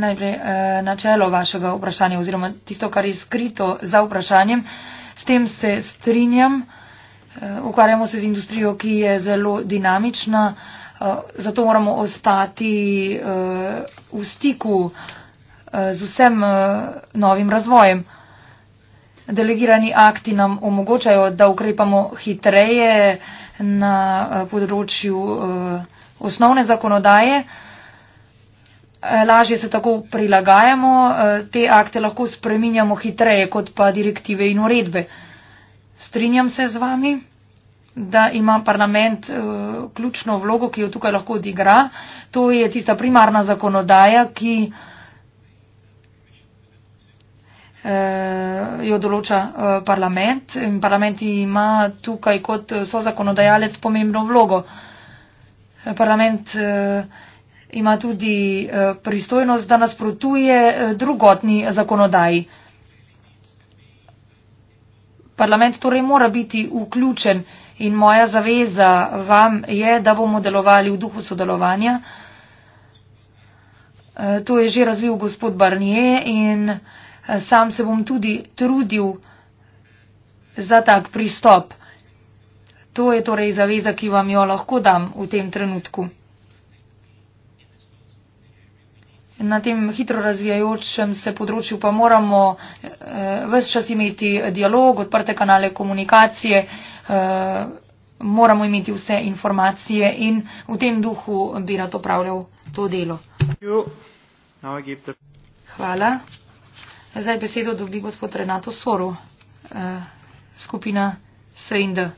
najprej eh, načelo vašega vprašanja oziroma tisto, kar je skrito za vprašanjem. S tem se strinjam. Ukvarjamo se z industrijo, ki je zelo dinamična, zato moramo ostati v stiku Eh, z vsem eh, novim razvojem. Delegirani akti nam omogočajo, da ukrepamo hitreje na eh, področju osnovne zakonodaje. Lažje se tako prilagajamo, te akte lahko spreminjamo hitreje kot pa direktive in uredbe. Strinjam se z vami, da ima parlament ključno vlogo, ki jo tukaj lahko odigra. To je tista primarna zakonodaja, ki. Eh, jo določa eh, parlament. Parlament ima tukaj kot eh, so zakonodajalec pomembno vlogo. Parlament ima tudi pristojnost, da nasprotuje drugotni zakonodaji. Parlament torej mora biti vključen in moja zaveza vam je, da bomo delovali v duhu sodelovanja. To je že razvil gospod Barnier in sam se bom tudi trudil za tak pristop. To je torej zaveza, ki vam jo lahko dam v tem trenutku. Na tem hitro razvijajočem se področju pa moramo eh, vse čas imeti dialog, odprte kanale komunikacije, eh, moramo imeti vse informacije in v tem duhu bi rad opravljal to delo. Hvala. Zdaj besedo dobi gospod Renato Soru, eh, skupina SND.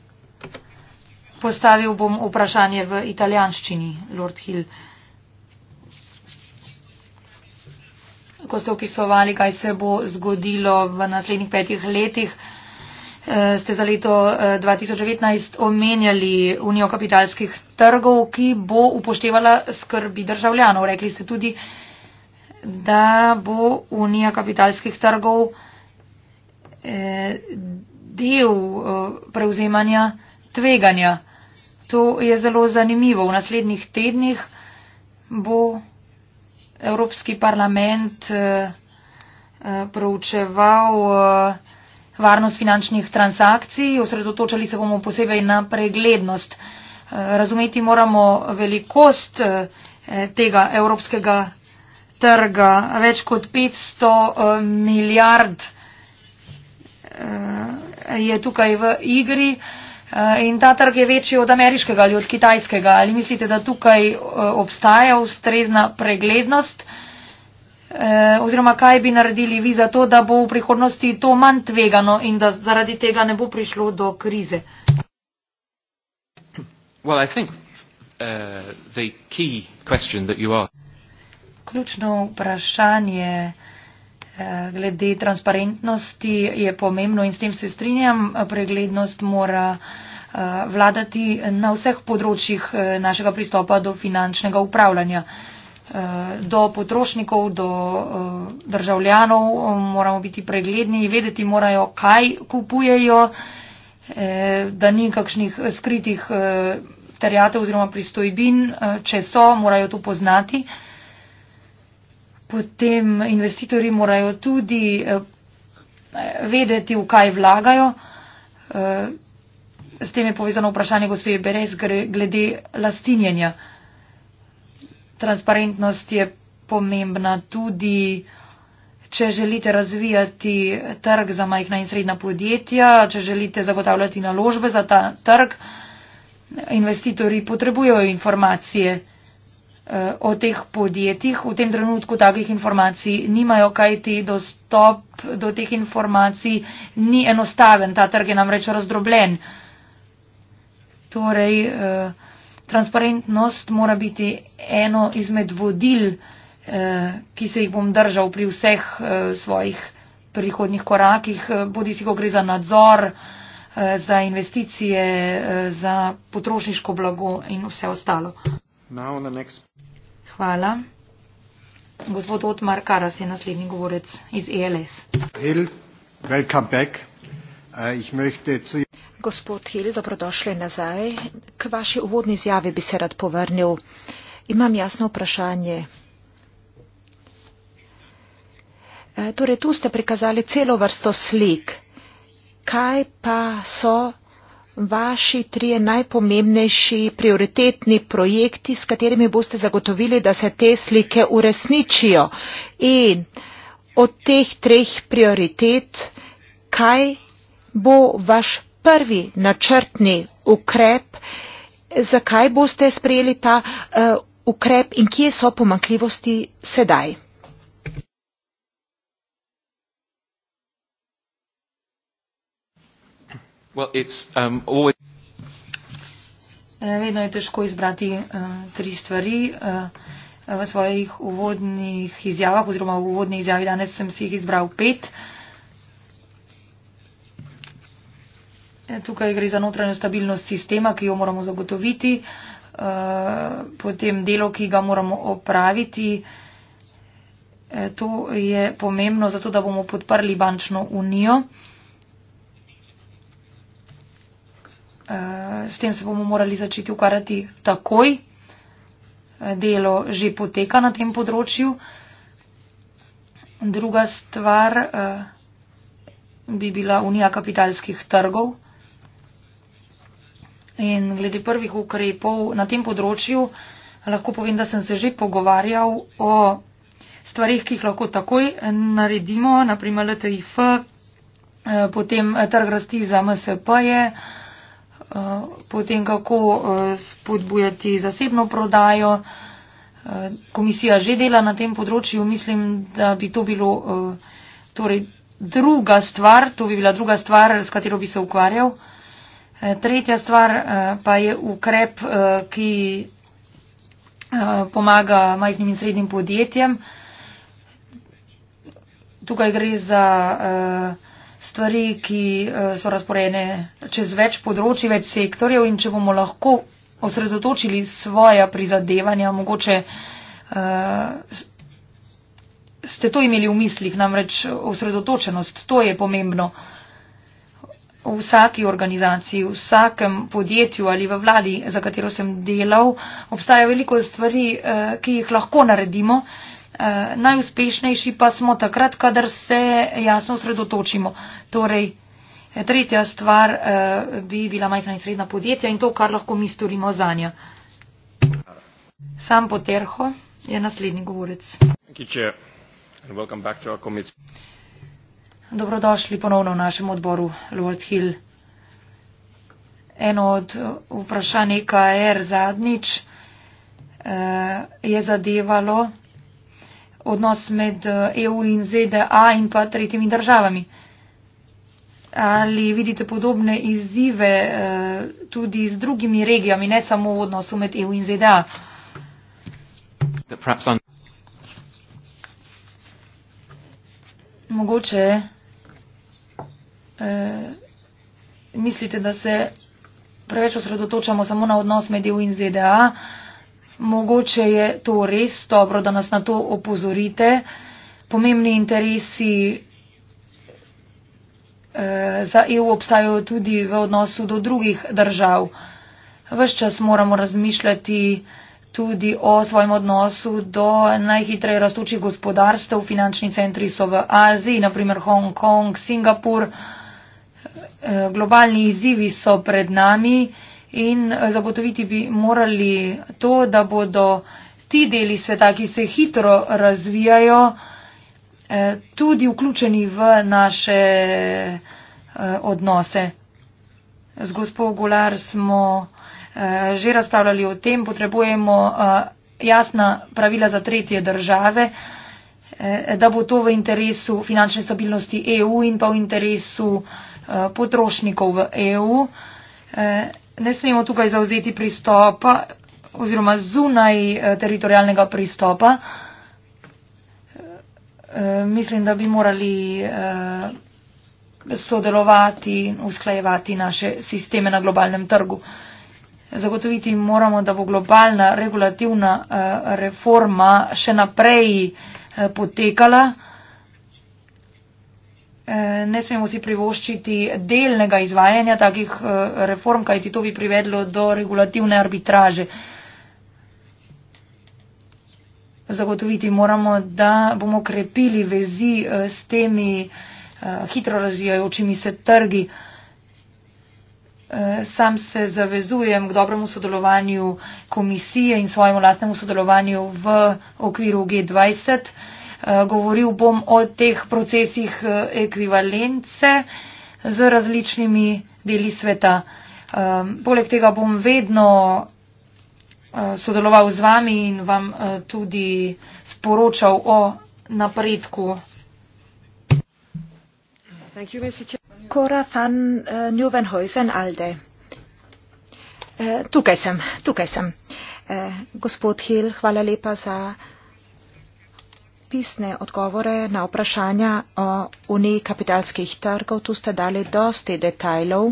Postavil bom vprašanje v italijanščini, Lord Hill. Ko ste opisovali, kaj se bo zgodilo v naslednjih petih letih, eh, ste za leto 2019 eh, omenjali Unijo kapitalskih trgov, ki bo upoštevala skrbi državljanov. Rekli ste tudi, da bo Unija kapitalskih trgov eh, del eh, prevzemanja tveganja. To je zelo zanimivo. V naslednjih tednih bo Evropski parlament eh, proučeval varnost finančnih transakcij. Osredotočali se bomo posebej na preglednost. Razumeti moramo velikost tega evropskega trga, več kot 500 uh, eh, milijard uh, je tukaj v igri uh, in ta trg je večji od ameriškega ali od kitajskega. Ali mislite, da tukaj uh, obstaja ustrezna preglednost? oziroma kaj bi naredili vi za to, da bo v prihodnosti to manj tvegano in da zaradi tega ne bo prišlo do krize. Well, I think, uh, the key question that you are ključno vprašanje eh, glede transparentnosti je pomembno in s tem se strinjam. Preglednost mora eh, vladati na vseh področjih eh, našega pristopa do finančnega upravljanja. Do potrošnikov, do državljanov moramo biti pregledni, vedeti morajo, kaj kupujejo, da ni kakšnih skritih terjate oziroma pristojbin, če so, morajo to poznati potem investitorji morajo tudi eh, vedeti, v kaj vlagajo. Eh, s tem je povezano vprašanje gospeje Berez glede lastinjenja. Transparentnost je pomembna tudi, če želite razvijati trg za majhna in srednja podjetja, če želite zagotavljati naložbe za ta trg. Investitorji potrebujejo informacije o teh podjetjih. V tem trenutku takih informacij nimajo, kaj ti dostop do teh informacij ni enostaven. Ta trg je namreč razdrobljen. Torej, eh, transparentnost mora biti eno izmed vodil, eh, ki se jih bom držal pri vseh eh, svojih prihodnih korakih, bodi si, ko gre za nadzor, za investicije, za potrošniško blago in vse ostalo. Now the next. Hvala. Gospod Otmar Karas je naslednji govorec iz ELS. Hill, welcome back. Uh, ich Gospod Hill, dobrodošli nazaj. K vaši uvodni izjavi bi se rad povrnil. Imam jasno vprašanje. E, torej, tu ste prikazali celo vrsto slik. Kaj pa so vaši trije najpomembnejši prioritetni projekti, s katerimi boste zagotovili, da se te slike uresničijo? In od teh treh prioritet, kaj bo vaš prvi načrtni ukrep, zakaj boste sprejeli ta uh, ukrep in kje so pomankljivosti sedaj? Well, it's, um, always... Eh, vedno je težko izbrati uh, tri stvari. Uh, v svojih uvodnih izjavah oziroma v uvodni izjavi danes sem si jih izbral pet. Tukaj gre za notranjo stabilnost sistema, ki jo moramo zagotoviti, uh, potem delo, ki ga moramo opraviti. To je pomembno zato, da bomo podprli bančno unijo. Uh, Eh, s tem se bomo morali začeti ukvarjati takoj. Eh, delo že poteka na tem področju. Druga stvar eh, bi bila unija kapitalskih trgov. In glede prvih ukrepov na tem področju lahko povem, da sem se že pogovarjal o stvarih, ki jih lahko takoj naredimo, naprimer LTIF, potem trg rasti za MSP je. Eh, potem kako eh, spodbujati zasebno prodajo. Eh, komisija že dela na tem področju, mislim, da bi to bilo torej druga stvar, to bi bila druga stvar, s katero bi se ukvarjal. Tretja stvar pa je ukrep, ki pomaga majhnim in srednjim podjetjem. Tukaj gre za stvari, ki eh, so razporene čez več področji, več sektorjev in če bomo lahko osredotočili svoja prizadevanja, mogoče uh, ste to imeli v mislih, namreč osredotočenost, to je pomembno v vsaki organizaciji, v vsakem podjetju ali v vladi, za katero sem delal, obstaja veliko stvari, eh, ki jih lahko naredimo, Eh, najuspešnejši pa smo takrat, kadar se jasno osredotočimo. Torej, eh, tretja stvar eh, bi bila majhna in srednja podjetja in to, kar lahko mi storimo za nja. Sam Poterho je naslednji govorec. Dobrodošli ponovno v našem odboru Lord Hill. Eno od vprašanj e KR zadnjič eh, je zadevalo odnos med EU eh, e in ZDA in pa tretjimi državami. Ali vidite podobne izzive eh, tudi z drugimi regijami, ne samo v odnosu med EU in ZDA? Mogoče eh, mislite, da se preveč osredotočamo samo na odnos med EU in ZDA. Mogoče je to res dobro, da nas na to opozorite. Pomembni interesi eh, za EU obstajajo tudi v odnosu do drugih držav. Ves čas moramo razmišljati tudi o svojem odnosu do najhitreje rastočih gospodarstev. Finančni centri so v Aziji, naprimer Hong Kong, Singapur. Eh, globalni izzivi so pred nami in eh, zagotoviti bi morali to, da bodo ti deli sveta, ki se hitro razvijajo, eh, tudi vključeni v naše eh, odnose. Z gospod Gular smo že razpravljali o tem, potrebujemo jasna pravila za tretje države, da bo to v interesu finančne stabilnosti EU in pa v interesu potrošnikov v EU ne smemo tukaj zauzeti pristopa oziroma zunaj eh, teritorijalnega pristopa. Eh, mislim, da bi morali eh, sodelovati in usklajevati naše sisteme na globalnem trgu. Zagotoviti moramo, da bo globalna regulativna reforma še naprej potekala ne smemo si privoščiti delnega izvajanja takih eh, reform, kajti to bi privedlo do regulativne arbitraže. Zagotoviti moramo, da bomo krepili vezi eh, s temi eh, hitro razvijajočimi se trgi. Sam se zavezujem k dobremu sodelovanju komisije in svojemu lastnemu sodelovanju v okviru G20. Eh, govoril bom o teh procesih eh, ekvivalence z različnimi deli sveta. Eh, poleg tega bom vedno sodeloval z vami in vam tudi sporočal o napredku. Kora van Njuvenhuizen Alde. Tukaj sem, tukaj sem. Gospod Hill, hvala lepa za pisne odgovore na vprašanja o uniji kapitalskih trgov. Tu ste dali dosti detajlov.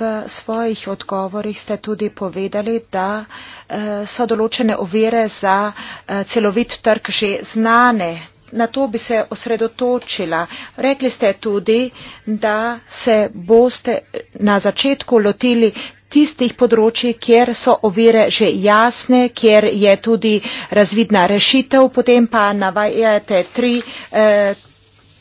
V svojih odgovorih ste tudi povedali, da eh, so določene ovire za eh, celovit trg že znane. Na to bi se osredotočila. Rekli ste tudi, da se boste na začetku lotili tistih področji, kjer so ovire že jasne, kjer je tudi razvidna rešitev, potem pa navajate tri. Eh,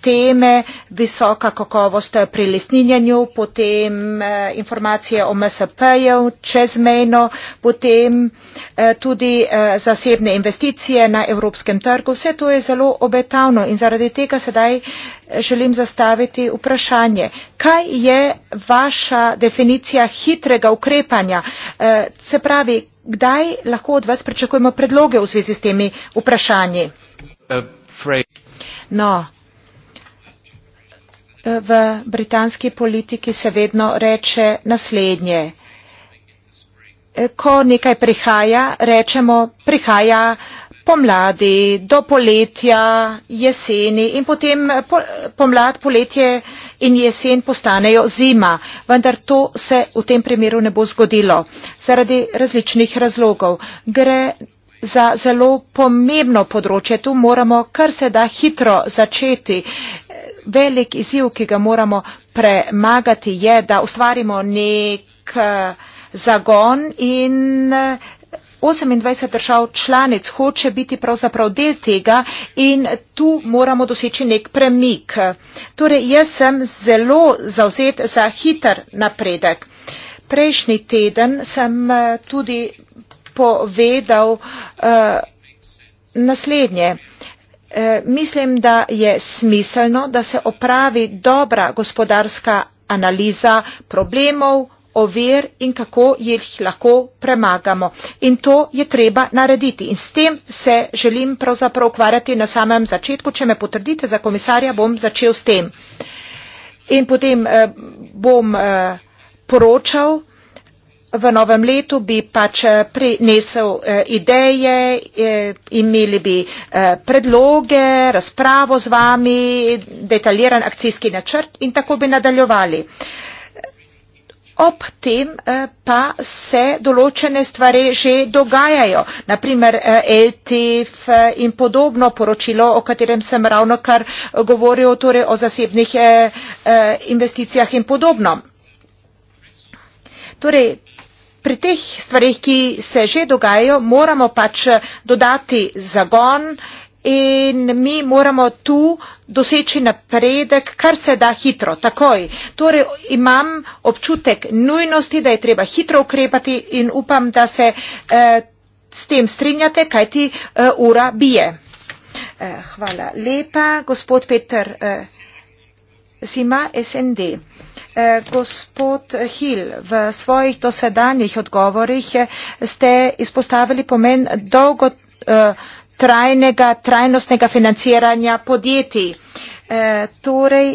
teme visoka kakovost pri lesninjenju, potem eh, informacije o MSP-ju čezmejno, potem eh, tudi eh, zasebne investicije na evropskem trgu. Vse to je zelo obetavno in zaradi tega sedaj želim zastaviti vprašanje. Kaj je vaša definicija hitrega ukrepanja? Se pravi, kdaj lahko od vas pričakujemo predloge v zvezi s temi vprašanji? No, v britanski politiki se vedno reče naslednje. Ko nekaj prihaja, rečemo, prihaja pomladi, do poletja, jeseni in potem pomlad, poletje in jesen postanejo zima. Vendar to se v tem primeru ne bo zgodilo zaradi različnih razlogov. Gre za zelo pomembno področje. Tu moramo kar se da hitro začeti velik izziv ki ga moramo premagati je da ustvarimo nek eh, zagon in 28 eh, držav članic hoče biti pravzaprav del tega in tu moramo doseči nek premik. Torej, jaz sem zelo zauzet za hiter napredek. Prejšnji teden sem eh, tudi povedal uh, naslednje. Eh, mislim da je smiselno da se opravi dobra gospodarska analiza problemov ovir in kako jih lahko premagamo in to je treba narediti in s tem se želim pravzaprav ukvarjati na samem začetku če me potrdite za komisarja bom začel s tem in potem eh, bom eh, poročal v novem letu bi pač eh, prinesel eh, ideje, eh, imeli bi predloge, razpravo z vami, detaljiran akcijski načrt in tako bi nadaljevali. Ob tem pa se določene stvari že dogajajo, naprimer LTF in podobno poročilo, o katerem sem ravno kar govoril, torej o zasebnih investicijah in podobno. Torej, pri teh stvarih, ki se že dogajajo, moramo pač dodati zagon in mi moramo tu doseči napredek, kar se da hitro, takoj. Torej imam občutek nujnosti, da je treba hitro ukrepati in upam, da se eh, s tem strinjate, kaj ti eh, ura bije. Eh, hvala lepa, gospod Peter eh, Sima, SND. Eh, gospod Hill, v svojih dosedanjih odgovorih eh, ste izpostavili pomen dolgo eh, trajnega, trajnostnega financiranja podjetij. Torej,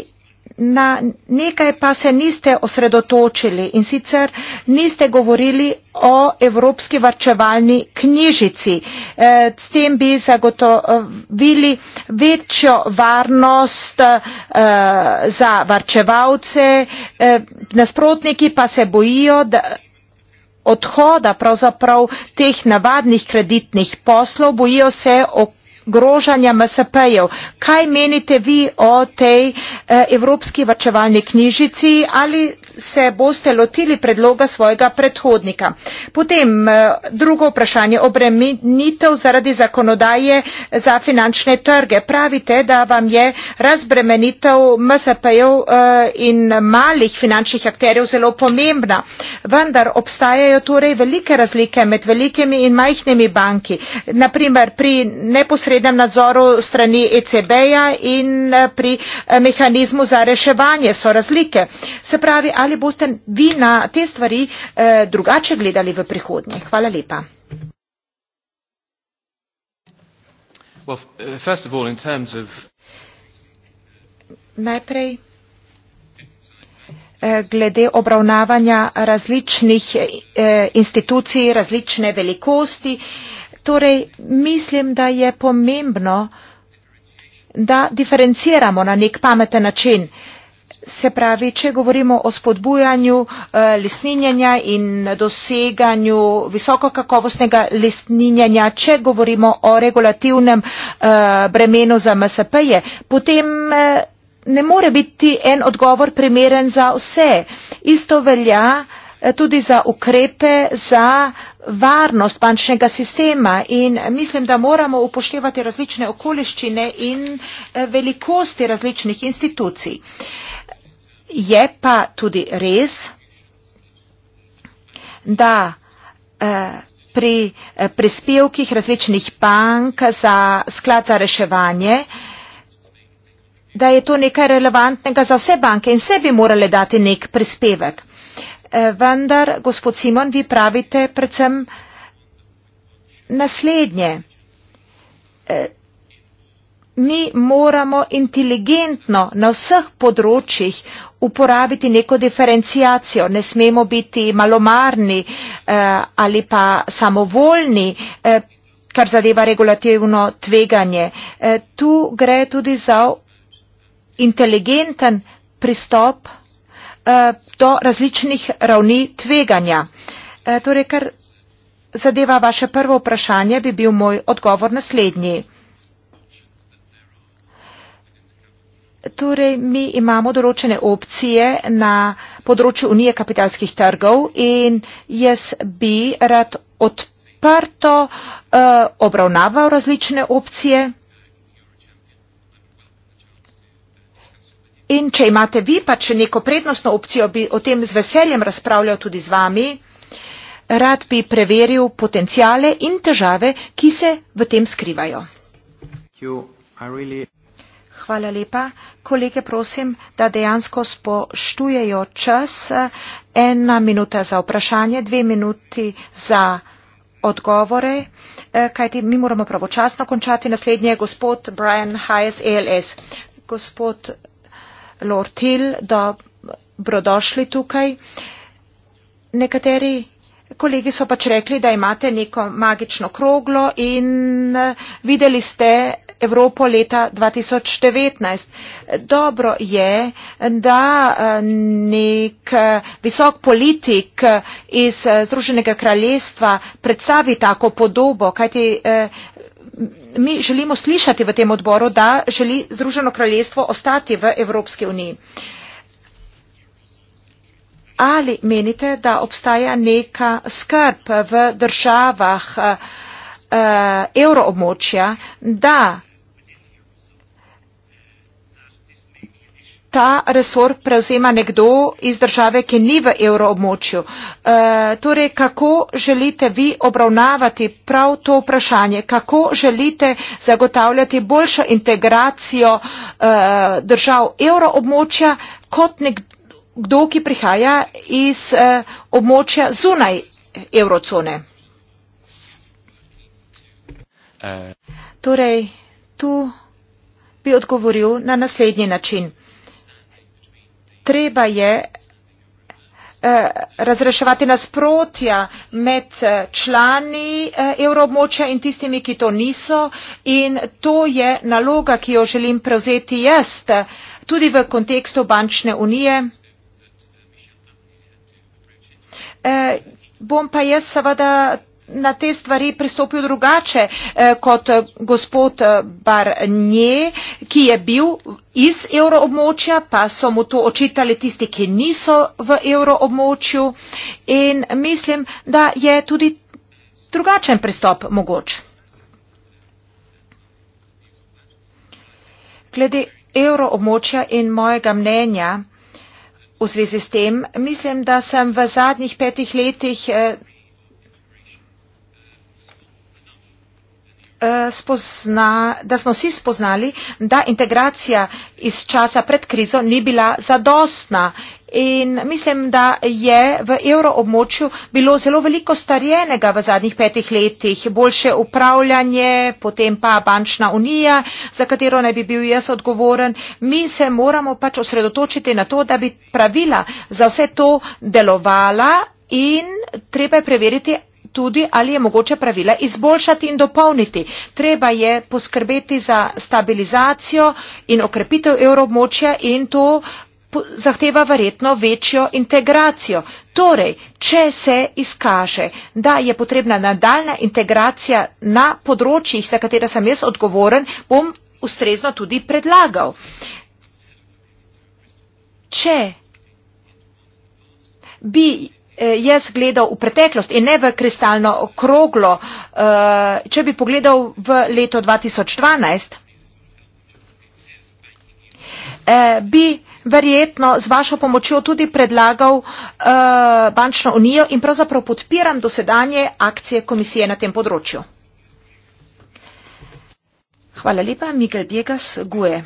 na nekaj pa se niste osredotočili in sicer niste govorili o evropski varčevalni knjižici. Eh, s tem bi zagotovili večjo varnost eh, za varčevalce, eh, nasprotniki pa se bojijo, da odhoda pravzaprav teh navadnih kreditnih poslov, bojijo se okoljstva, grožanja MSP-jev. Kaj menite vi o tej eh, evropski vrčevalni knjižici ali se boste lotili predloga svojega predhodnika. Potem eh, drugo vprašanje obremenitev zaradi zakonodaje za finančne trge. Pravite, da vam je razbremenitev MSP-jev eh, in malih finančnih akterjev zelo pomembna, vendar obstajajo torej velike razlike med velikimi in majhnimi banki. Naprimer pri neposrednem nadzoru strani ECB-ja in eh, pri mehanizmu za reševanje so razlike. Se pravi, ali boste vi na te stvari eh, drugače gledali v prihodnje? Hvala lepa. Najprej eh, glede obravnavanja različnih eh, institucij, različne velikosti, torej mislim, da je pomembno, da diferenciramo na nek pameten način se pravi če govorimo o spodbujanju eh, lesninjenja in doseganju visokokakovostnega lesninjenja če govorimo o regulativnem eh, bremenu za msp je potem eh, ne more biti en odgovor primeren za vse isto velja Eh, tudi za ukrepe za varnost bančnega sistema in mislim, da moramo upoštevati različne okoliščine in eh, velikosti različnih institucij. Je pa tudi res, da eh, pri prispevkih različnih bank za sklad za reševanje, da je to nekaj relevantnega za vse banke in vse bi morali dati nek prispevek. Eh, vendar, gospod Simon, vi pravite predvsem naslednje. Eh, mi moramo inteligentno na vseh področjih uporabiti neko diferencijacijo. Ne smemo biti malomarni eh, ali pa samovoljni, kar zadeva regulativno tveganje. Tu gre tudi za inteligenten pristop Eh, do različnih ravni tveganja. Eh, torej, kar zadeva vaše prvo vprašanje, bi bil moj odgovor naslednji. Torej, mi imamo določene opcije na področju Unije kapitalskih trgov in jaz bi rad odprto uh, obravnaval različne opcije. in če imate vi pač neko prednostno opcijo, bi o tem z veseljem razpravljal tudi z vami. Rad bi preveril potencijale in težave, ki se v tem skrivajo. Hvala lepa. Kolege, prosim, da dejansko spoštujejo čas. Ena minuta za vprašanje, dve minuti za odgovore, eh, kajti mi moramo pravočasno končati. Naslednji je gospod Brian Hayes, ALS. Gospod Lord Till, dobrodošli tukaj. Nekateri kolegi so pač rekli, da imate neko magično kroglo in eh, videli ste Evropo leta 2019. Dobro je, da eh, nek eh, visok politik iz Združenega kraljestva predstavi tako podobo, kajti mi želimo slišati v tem odboru, da želi Združeno kraljestvo ostati v Evropski uniji. Ali menite, da obstaja neka skrb v državah eh, eh evroobmočja, da ta resor prevzema nekdo iz države, ki ni v evroobmočju. E, torej, kako želite vi obravnavati prav to vprašanje, kako želite zagotavljati boljšo integracijo e, držav evroobmočja kot nekdo, ki prihaja iz e, območja zunaj eurocone? E. Torej, tu bi odgovoril na naslednji način treba je eh, razreševati nasprotja med eh, člani eh, evroobmočja in tistimi, ki to niso in to je naloga, ki jo želim prevzeti jaz, tudi v kontekstu bančne unije. Bom pa jaz seveda na te stvari pristopil drugače eh, kot eh, gospod eh, Barnier, ki je bil iz evroobmočja, pa so mu to očitali tisti, ki niso v evroobmočju in mislim, da je tudi drugačen pristop mogoč. Glede evroobmočja in mojega mnenja v zvezi s tem, mislim, da sem v zadnjih petih letih Eh, spozna, da smo vsi spoznali, da integracija iz časa pred krizo ni bila zadostna. In mislim, da je v evroobmočju bilo zelo veliko starjenega v zadnjih petih letih. Boljše upravljanje, potem pa bančna unija, za katero naj bi bil jaz odgovoren. Mi se moramo pač osredotočiti na to, da bi pravila za vse to delovala in treba je preveriti, tudi, ali je mogoče pravila izboljšati in dopolniti. Treba je poskrbeti za stabilizacijo in okrepitev evroobmočja in to zahteva verjetno večjo integracijo. Torej, če se izkaže, da je potrebna nadaljna integracija na področjih, za katera sem jaz odgovoren, bom ustrezno tudi predlagal. Če bi Eh, jaz gledal v preteklost in ne v kristalno kroglo, eh, če bi pogledal v leto 2012, eh, bi verjetno z vašo pomočjo tudi predlagal bančno unijo in pravzaprav podpiram dosedanje akcije komisije na tem področju. Hvala lepa, Miguel Biegas, GUE.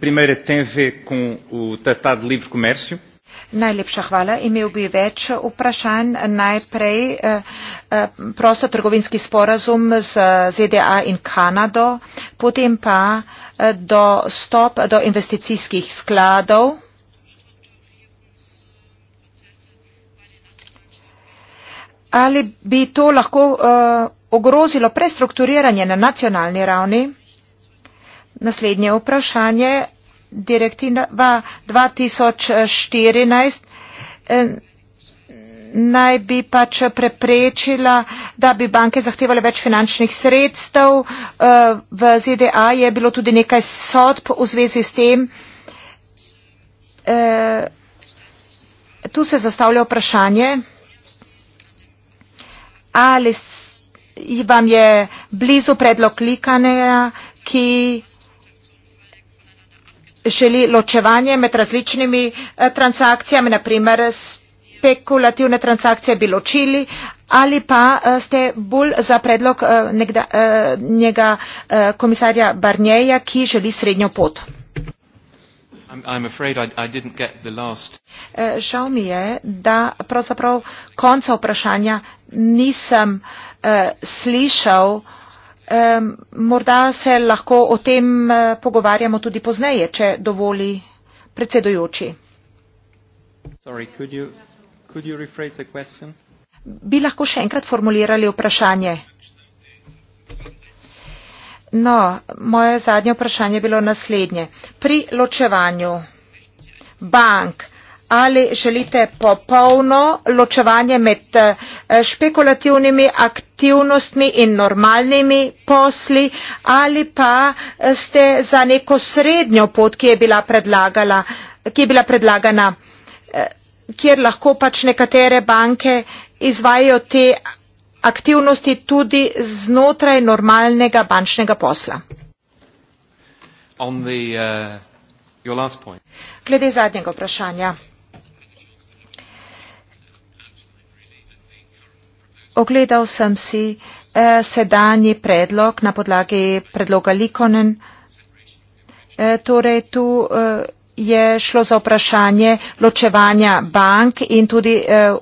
Primeiro tem a ver com o Tratado de Livre Comércio. Najlepša hvala. Imel bi več vprašanj. Najprej eh, eh, prosto trgovinski sporazum z eh, ZDA in Kanado, potem pa dostop do investicijskih skladov. Ali bi to lahko uh, ogrozilo prestrukturiranje na nacionalni ravni? Naslednje vprašanje direktiva 2014 eh, naj bi pač preprečila, da bi banke zahtevale več finančnih sredstev. Eh, v ZDA je bilo tudi nekaj sodb v zvezi s tem. Eh, tu se zastavlja vprašanje, ali vam je blizu predlog likanja, ki želi ločevanje med različnimi eh, transakcijami, naprimer spekulativne transakcije bi ločili ali pa eh, ste bolj za predlog eh, nekda, njega komisarja Barnjeja, ki želi srednjo pot. I'm afraid I didn't get the last. Žal mi je, da pravzaprav konca vprašanja nisem uh, slišal. Morda se lahko o tem eh, pogovarjamo tudi pozneje, če dovoli predsedojoči. Sorry, could you, could you Bi lahko še enkrat formulirali vprašanje? No, moje zadnje vprašanje je bilo naslednje. Pri ločevanju bank, ali želite popolno ločevanje med eh, špekulativnimi aktivnostmi in normalnimi posli ali pa eh, ste za neko srednjo pot, ki je bila, ki je bila predlagana, eh, kjer lahko pač nekatere banke izvajajo te aktivnosti tudi znotraj normalnega bančnega posla. The, uh, Glede zadnjega vprašanja. Ogledal sem si eh, sedanji predlog na podlagi predloga Likonen. Eh, torej, tu eh, je šlo za vprašanje ločevanja bank in tudi eh,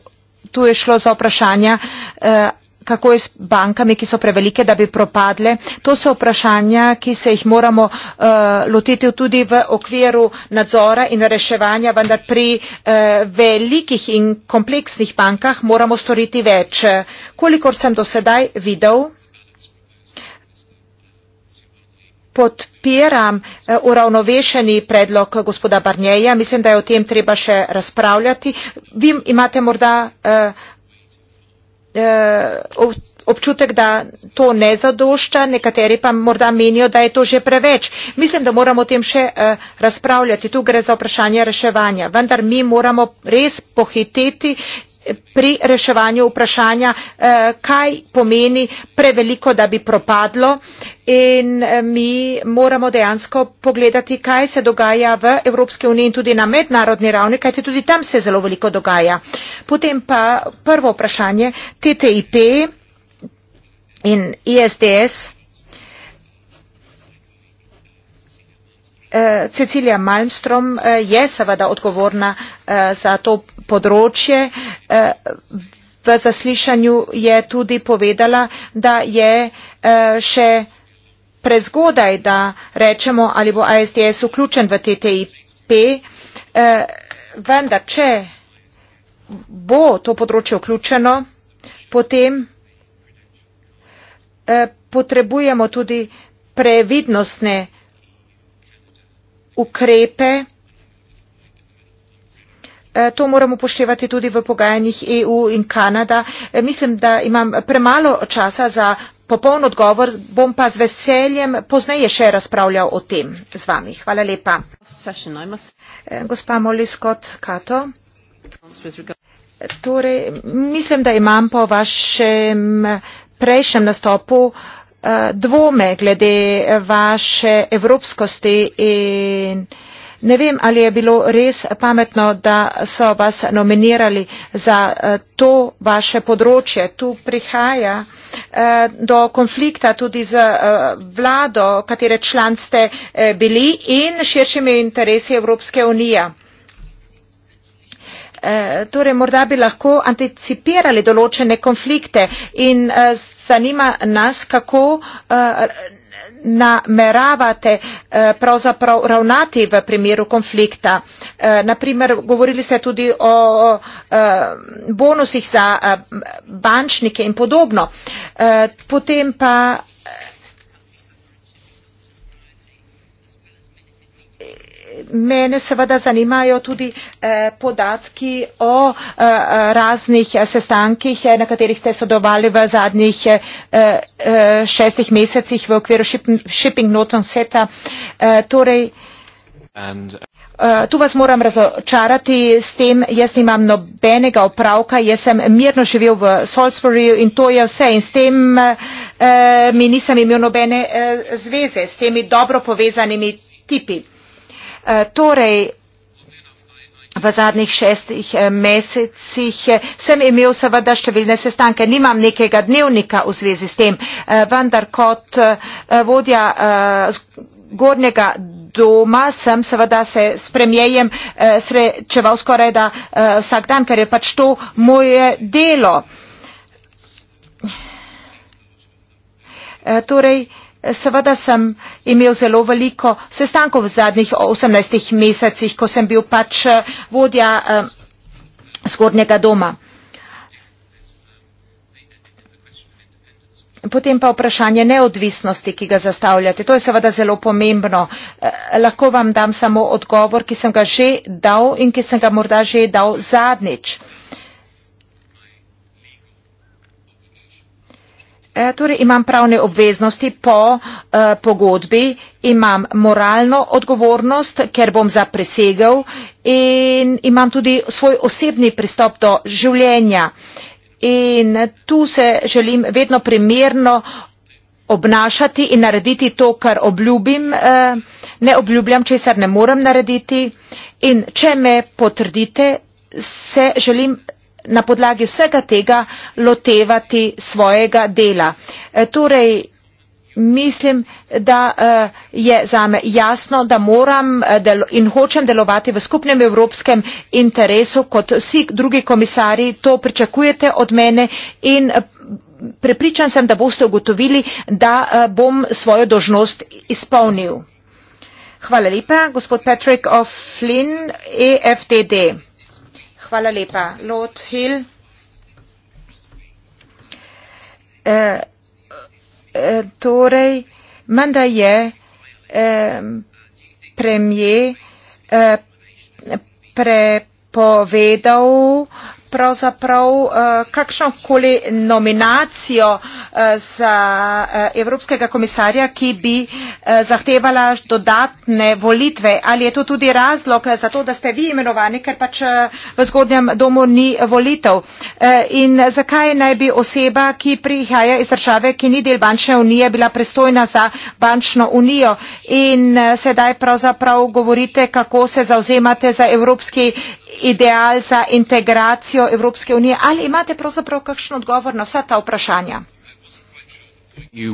tu je šlo za vprašanje. Eh, kako je s bankami, ki so prevelike, da bi propadle. To so vprašanja, ki se jih moramo uh, lotiti tudi v okviru nadzora in reševanja, vendar pri uh, velikih in kompleksnih bankah moramo storiti več. Kolikor sem do sedaj videl, podpiram uh, uravnovešeni predlog gospoda Barnjeja. Mislim, da je o tem treba še razpravljati. Vi imate morda. Uh, Eh, občutek, da to ne zadošča, nekateri pa morda menijo, da je to že preveč. Mislim, da moramo o tem še eh, razpravljati. Tu gre za vprašanje reševanja. Vendar mi moramo res pohiteti pri reševanju vprašanja eh, kaj pomeni preveliko da bi propadlo in eh, mi moramo dejansko pogledati kaj se dogaja v evropski uniji in tudi na mednarodni ravni kajti tudi tam se zelo veliko dogaja potem pa prvo vprašanje ttip in isds eh, Cecilija Malmstrom je seveda odgovorna za to področje. Eh, v zaslišanju je tudi povedala, da je eh, še prezgodaj, da rečemo, ali bo ASDS vključen v TTIP. Eh, vendar, če bo to področje vključeno, potem potrebujemo tudi previdnostne ukrepe. Eh, to moram upoštevati tudi v pogajanjih EU in Kanada. Eh, mislim, da imam premalo časa za popoln odgovor, bom pa z veseljem pozneje še razpravljal o tem z vami. Hvala lepa. Eh, gospa Moliskot Kato. Torej, mislim, da imam po vašem prejšnjem nastopu dvome glede vaše evropskosti in evropskosti ne vem ali je bilo res pametno da so vas nominirali za eh, to vaše področje tu prihaja eh, do konflikta tudi z eh, vlado katere član ste bili in širšimi interesi evropske unije torej morda bi lahko anticipirali določene konflikte in zanima nas kako nameravate eh, pravzaprav ravnati v primeru konflikta. Eh, Naprimer, govorili ste tudi o eh, bonusih za bančnike in podobno. Potem pa mene seveda zanimajo tudi eh, podatki o eh, raznih sestankih, eh, na katerih ste sodelovali v zadnjih šestih mesecih v okviru Shipping Noton Seta. Torej, uh, Tu vas moram razočarati, s tem jaz nimam nobenega opravka, jaz sem mirno živel v Salisburyju in to je vse. In s tem eh, mi nisem imel nobene eh, zveze, s temi dobro povezanimi tipi. Eh, torej, v zadnjih šestih eh, mesecih eh, sem imel seveda številne sestanke. Nimam nekega dnevnika v zvezi s tem, vendar kot vodja zgornjega doma sem seveda se s premijejem srečeval skoraj da vsak dan, ker je pač to moje delo. Torej, seveda sem imel zelo veliko sestankov v zadnjih osemnajstih mesecih ko sem bil pač eh, vodja eh, zgornjega doma potem pa vprašanje neodvisnosti ki ga zastavljate to je seveda zelo pomembno eh, lahko vam dam samo odgovor ki sem ga že dal in ki sem ga morda že dal zadnjič E, torej imam pravne obveznosti po e, pogodbi imam moralno odgovornost ker bom zaprisegel in imam tudi svoj osebni pristop do življenja in tu se želim vedno primerno obnašati in narediti to kar obljubim e, ne obljubljam česar ne morem narediti in če me potrdite se želim na podlagi vsega tega lotevati svojega dela. E, torej, mislim, da e, je zame jasno, da moram e, in hočem delovati v skupnem evropskem interesu, kot vsi drugi komisari to pričakujete od mene in prepričan sem, da boste ugotovili, da bom svojo dožnost izpolnil. Hvala lepa, gospod Patrick O'Flynn, EFTD. Hvala lepa. Lord Hill. Eh, eh, torej, menda je eh, premije eh, prepovedal eh, pravzaprav eh, kakšno koli nominacijo eh, za eh, evropskega komisarja, ki bi zahtevala dodatne volitve. Ali je to tudi razlog za to, da ste vi imenovani, ker pač v zgodnjem domu ni volitev? In zakaj naj bi oseba, ki prihaja iz države, ki ni del bančne unije, bila pristojna za bančno unijo? In sedaj pravzaprav govorite, kako se zauzemate za evropski ideal za integracijo Evropske unije. Ali imate pravzaprav kakšen odgovor na vsa ta vprašanja?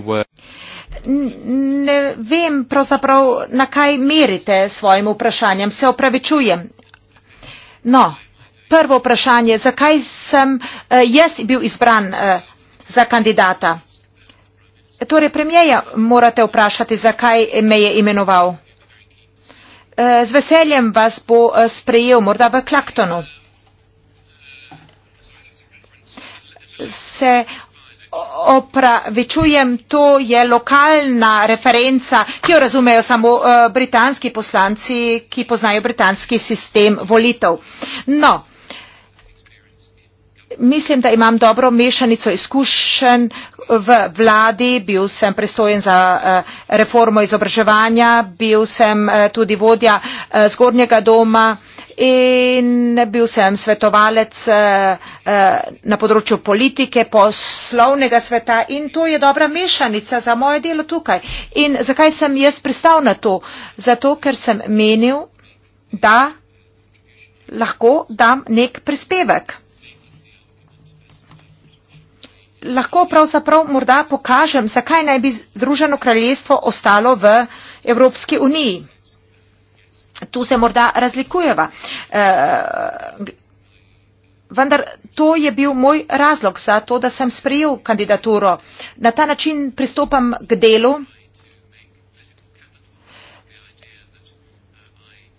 Uh, ne vem pravzaprav, na kaj merite svojim vprašanjem. Se opravičujem. No, prvo vprašanje, zakaj sem eh, jaz bil izbran eh, za kandidata? Torej, premijeja morate vprašati, zakaj me je imenoval. Eh, z veseljem vas bo eh, sprejel, morda v Klaktonu. Se opravičujem, to je lokalna referenca, ki jo razumejo samo eh, britanski poslanci, ki poznajo britanski sistem volitev. No, mislim, da imam dobro mešanico izkušenj v vladi, bil sem prestojen za eh, reformo izobraževanja, bil sem eh, tudi vodja eh, zgornjega doma in bil sem svetovalec na področju politike, poslovnega sveta in to je dobra mešanica za moje delo tukaj. In zakaj sem jaz pristal na to? Zato, ker sem menil, da lahko dam nek prispevek lahko pravzaprav morda pokažem, zakaj naj bi Združeno kraljestvo ostalo v Evropski uniji. Tu se morda razlikujeva. Eh, vendar to je bil moj razlog za to, da sem sprijel kandidaturo. Na ta način pristopam k delu.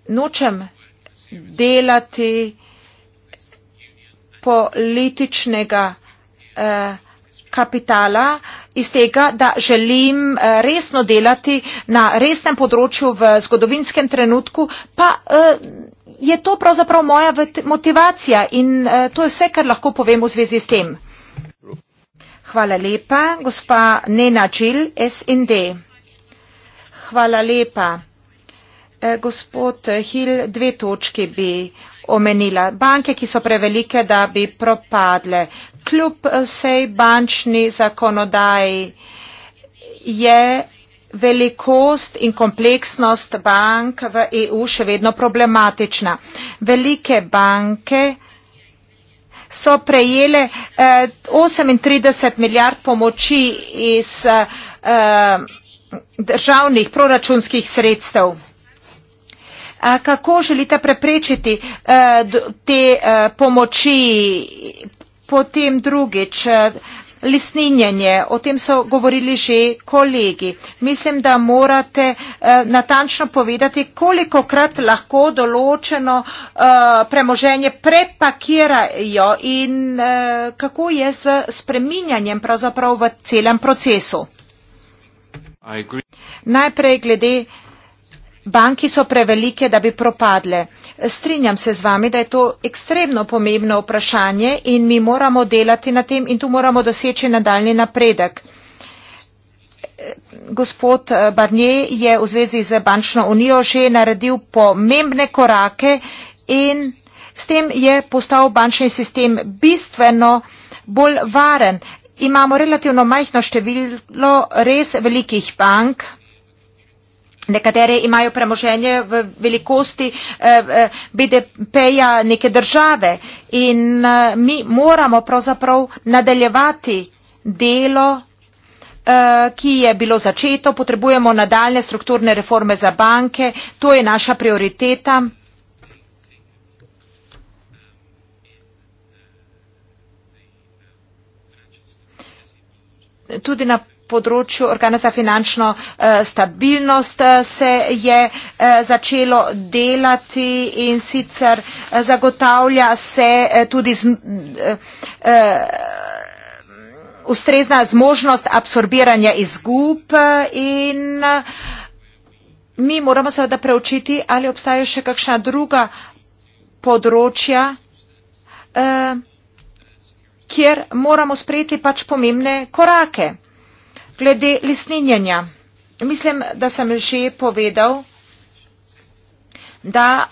Nočem delati političnega kandidatura eh, kapitala iz tega, da želim eh, resno delati na resnem področju v zgodovinskem trenutku, pa eh, je to pravzaprav moja motivacija in eh, to je vse, kar lahko povem v zvezi s tem. Hvala lepa, gospa Nena Čil, SND. Hvala lepa. Gospod Hil, dve točke bi omenila. Banke, ki so prevelike, da bi propadle kljub eh, vsej bančni zakonodaji je velikost in kompleksnost bank v EU še vedno problematična. Velike banke so prejele 38 eh, milijard pomoči iz eh, državnih proračunskih sredstev. Kako želite preprečiti te pomoči potem drugič eh, lisninjenje, o tem so govorili že kolegi. Mislim, da morate eh, natančno povedati, koliko krat lahko določeno eh, premoženje prepakirajo in kako je z spreminjanjem pravzaprav v celem procesu. Najprej glede Banki so prevelike, da bi propadle. Strinjam se z vami, da je to ekstremno pomembno vprašanje in mi moramo delati na tem in tu moramo doseči nadaljni napredek. Gospod eh, Barnier je v zvezi z bančno unijo že naredil pomembne korake in s tem je postal bančni sistem bistveno bolj varen. Imamo relativno majhno število res velikih bank, Nekatere imajo premoženje v velikosti eh, eh, BDP-ja neke države in eh, mi moramo pravzaprav nadaljevati delo, ki je bilo začeto. Potrebujemo nadaljne strukturne reforme za banke, to je naša prioriteta. Tudi na področju organa za finančno eh, stabilnost eh, se je eh, začelo delati in sicer zagotavlja se tudi z, ustrezna zmožnost absorbiranja izgub in mi moramo seveda preučiti, ali obstajajo še kakšna druga področja, kjer moramo sprejeti pač pomembne korake. Glede lesninjanja. Mislim, da sem že povedal, da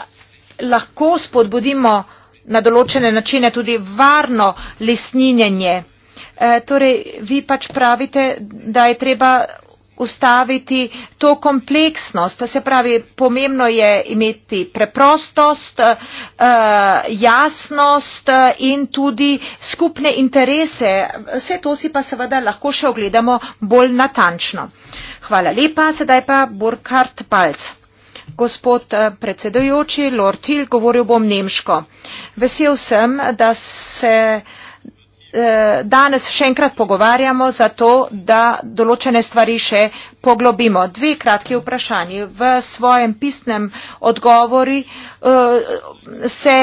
lahko spodbudimo na določene načine tudi varno lesninjanje. E, torej, vi pač pravite, da je treba ustaviti to kompleksnost. Se pravi, pomembno je imeti preprostost, eh, jasnost eh, in tudi skupne interese. Vse to si pa seveda lahko še ogledamo bolj natančno. Hvala lepa, sedaj pa Burkhard Palc. Gospod eh, predsedujoči, Lord Hill, govoril bom nemško. Vesel sem, da se. Eh, danes še enkrat pogovarjamo zato, da določene stvari še poglobimo. Dve kratki vprašanji. V svojem pisnem odgovori eh, se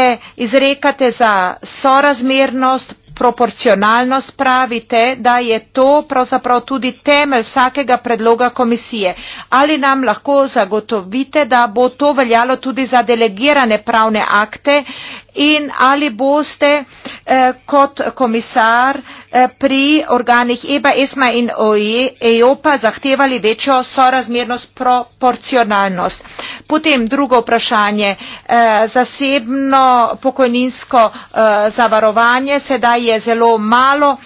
izrekate za sorazmernost, proporcionalnost pravite, da je to pravzaprav tudi temelj vsakega predloga komisije. Ali nam lahko zagotovite, da bo to veljalo tudi za delegirane pravne akte in ali boste eh, kot komisar eh, Eh, pri organih EBA, ESMA in EOPA zahtevali večjo sorazmernost, proporcionalnost. Potem drugo vprašanje, eh, zasebno pokojninsko eh, zavarovanje, sedaj je zelo malo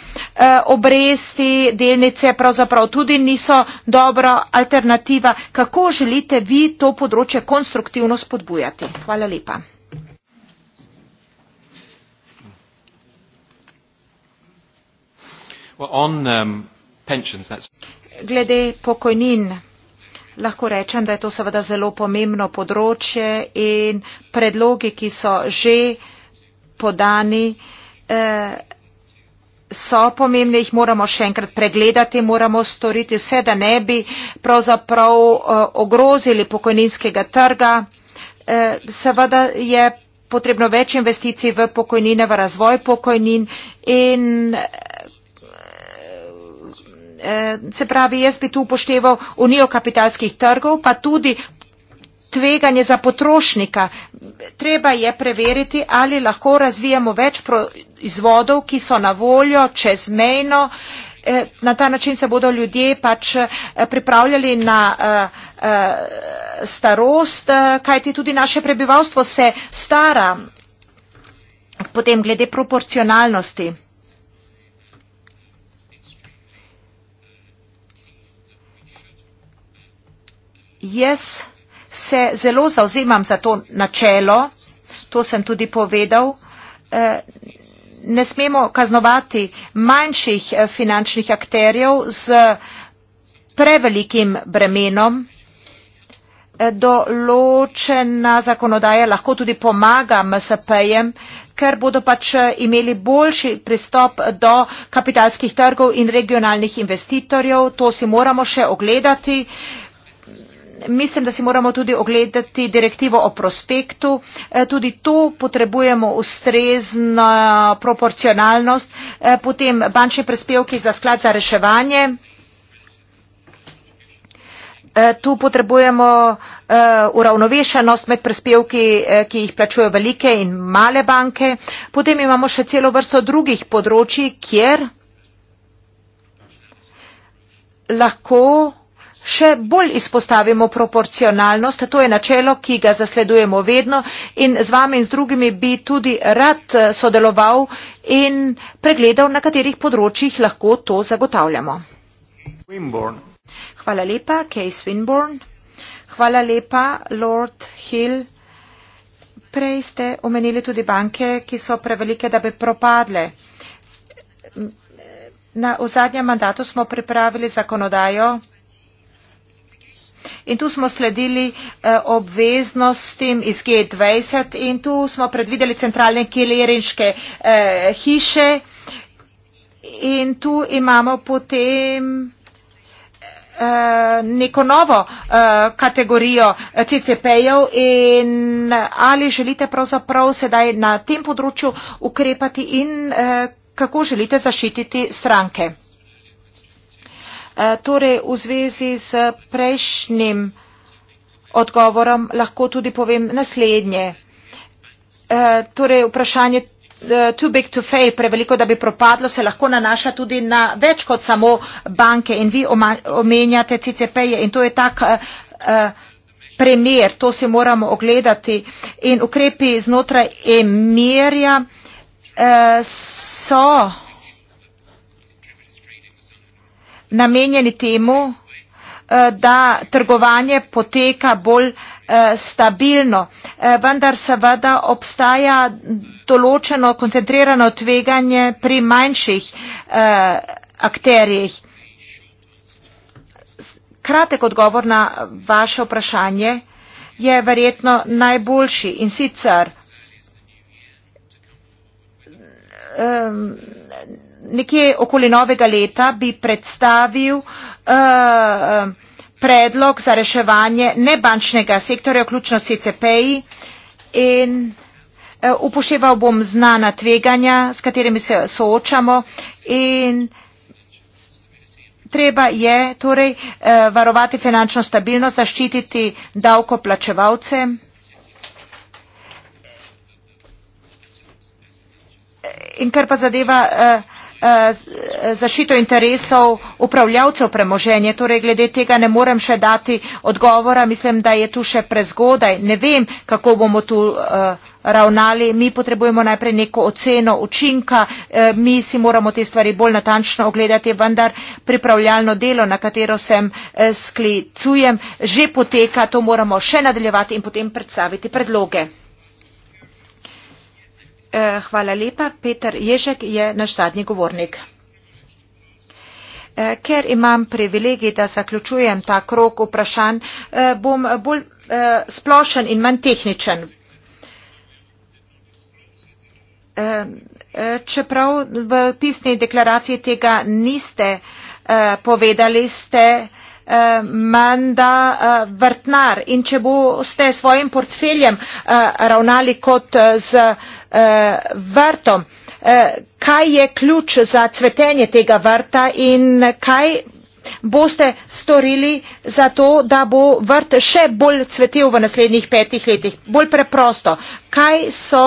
obresti, delnice pravzaprav tudi niso dobra alternativa. Kako želite vi to področje konstruktivno spodbujati? Hvala lepa. Um, glede pokojnin lahko rečem da je to seveda zelo pomembno področje in predlogi ki so že podani eh, so pomembni jih moramo še enkrat pregledati moramo storiti vse da ne bi pravzaprav eh, ogrozili pokojninskega trga eh, seveda je potrebno več investicij v pokojnine v razvoj pokojnin in Eh, se pravi, jaz bi tu upošteval unijo kapitalskih trgov, pa tudi tveganje za potrošnika. Treba je preveriti, ali lahko razvijamo več proizvodov, ki so na voljo čezmejno. Eh, na ta način se bodo ljudje pač eh, pripravljali na starost, kajti tudi naše prebivalstvo se stara. Potem glede proporcionalnosti. jaz se zelo zauzemam za to načelo, to sem tudi povedal, eh, ne smemo kaznovati manjših eh, finančnih akterjev z prevelikim bremenom. Eh, določena zakonodaja lahko tudi pomaga MSP-jem, ker bodo pač imeli boljši pristop do kapitalskih trgov in regionalnih investitorjev. To si moramo še ogledati mislim da si moramo tudi ogledati direktivo o prospektu e, tudi tu potrebujemo ustrezno proporcionalnost e, potem bančni prispevki za sklad za reševanje e, tu potrebujemo uravnovešenost med prispevki ki jih plačujejo velike in male banke potem imamo še celo vrsto drugih področij kjer lahko Še bolj izpostavimo proporcionalnost, to je načelo, ki ga zasledujemo vedno in z vami in z drugimi bi tudi rad eh, sodeloval in pregledal, na katerih področjih lahko to zagotavljamo. Swinburne. Hvala lepa, Kay Swinburne. Hvala lepa, Lord Hill. Prej ste omenili tudi banke, ki so prevelike, da bi propadle. Na, v zadnjem mandatu smo pripravili zakonodajo, in tu smo sledili eh, obveznostim iz G20 in tu smo predvideli centralne kileriške eh, hiše in tu imamo potem eh, neko novo kategorijo CCP-jev in ali želite pravzaprav sedaj na tem področju ukrepati in kako želite zaščititi stranke. Eh, torej, v zvezi s prejšnjim odgovorom lahko tudi povem naslednje. Eh, torej, vprašanje eh, too big to fail, preveliko, da bi propadlo, se lahko nanaša tudi na več kot samo banke in vi omenjate CCP-je in to je tak primer, to si moramo ogledati in ukrepi znotraj emirja so. namenjeni temu, eh, da trgovanje poteka bolj eh, stabilno. Eh, vendar seveda obstaja določeno koncentrirano tveganje pri manjših akterjih. Kratek odgovor na vaše vprašanje je verjetno najboljši in sicer. Ehm, nekje okoli novega leta bi predstavil uh, predlog za reševanje nebančnega sektorja, vključno s CCP-ji in uh, upošteval bom znana tveganja, s katerimi se soočamo in treba je torej uh, varovati finančno stabilnost, zaščititi davkoplačevalce. In kar pa zadeva uh, Eh, zaščito interesov upravljavcev premoženja. Torej, glede tega ne morem še dati odgovora. Mislim, da je tu še prezgodaj. Ne vem, kako bomo tu eh, ravnali. Mi potrebujemo najprej neko oceno učinka, eh, mi si moramo te stvari bolj natančno ogledati, vendar pripravljalno delo, na katero sem sklicujem, že poteka, to moramo še nadaljevati in potem predstaviti predloge. Eh, hvala lepa. Peter Ježek je naš zadnji govornik. Eh, ker imam privilegij, da zaključujem ta krok vprašanj, eh, bom bolj splošen in manj tehničen. Čeprav v pisni deklaraciji tega niste povedali, ste. Eh, menda eh, vrtnar in če boste s svojim portfeljem eh, ravnali kot z vrtom, kaj je ključ za cvetenje tega vrta in kaj boste storili za to, da bo vrt še bolj cvetel v naslednjih petih letih, bolj preprosto. Kaj so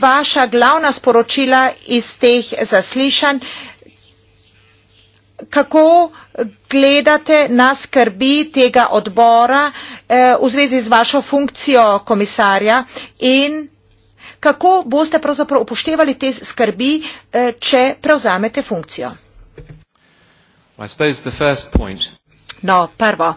vaša glavna sporočila iz teh zaslišanj? kako gledate na skrbi tega odbora eh, v zvezi z vašo funkcijo komisarja in kako boste pravzaprav upoštevali te skrbi, eh, če prevzamete funkcijo? No, prvo,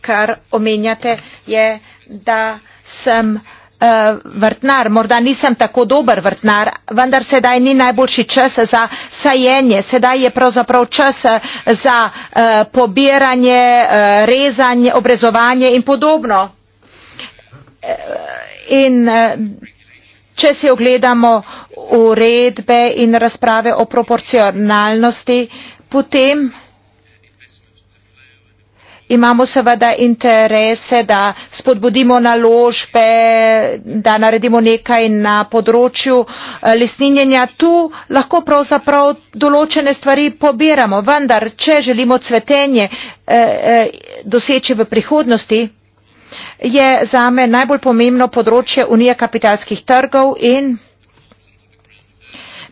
kar omenjate, je, da sem Eh, vrtnar morda nisem tako dober vrtnar vendar sedaj ni najboljši čas za sajenje sedaj je pravzaprav čas eh, za eh, pobiranje rezanje obrezovanje in podobno in če si ogledamo uredbe in razprave o proporcionalnosti potem imamo seveda interese, da spodbudimo naložbe, da naredimo nekaj na področju eh, lesninjenja. Tu lahko pravzaprav določene stvari pobiramo, vendar, če želimo cvetenje eh, eh, doseči v prihodnosti, je zame najbolj pomembno področje Unije kapitalskih trgov in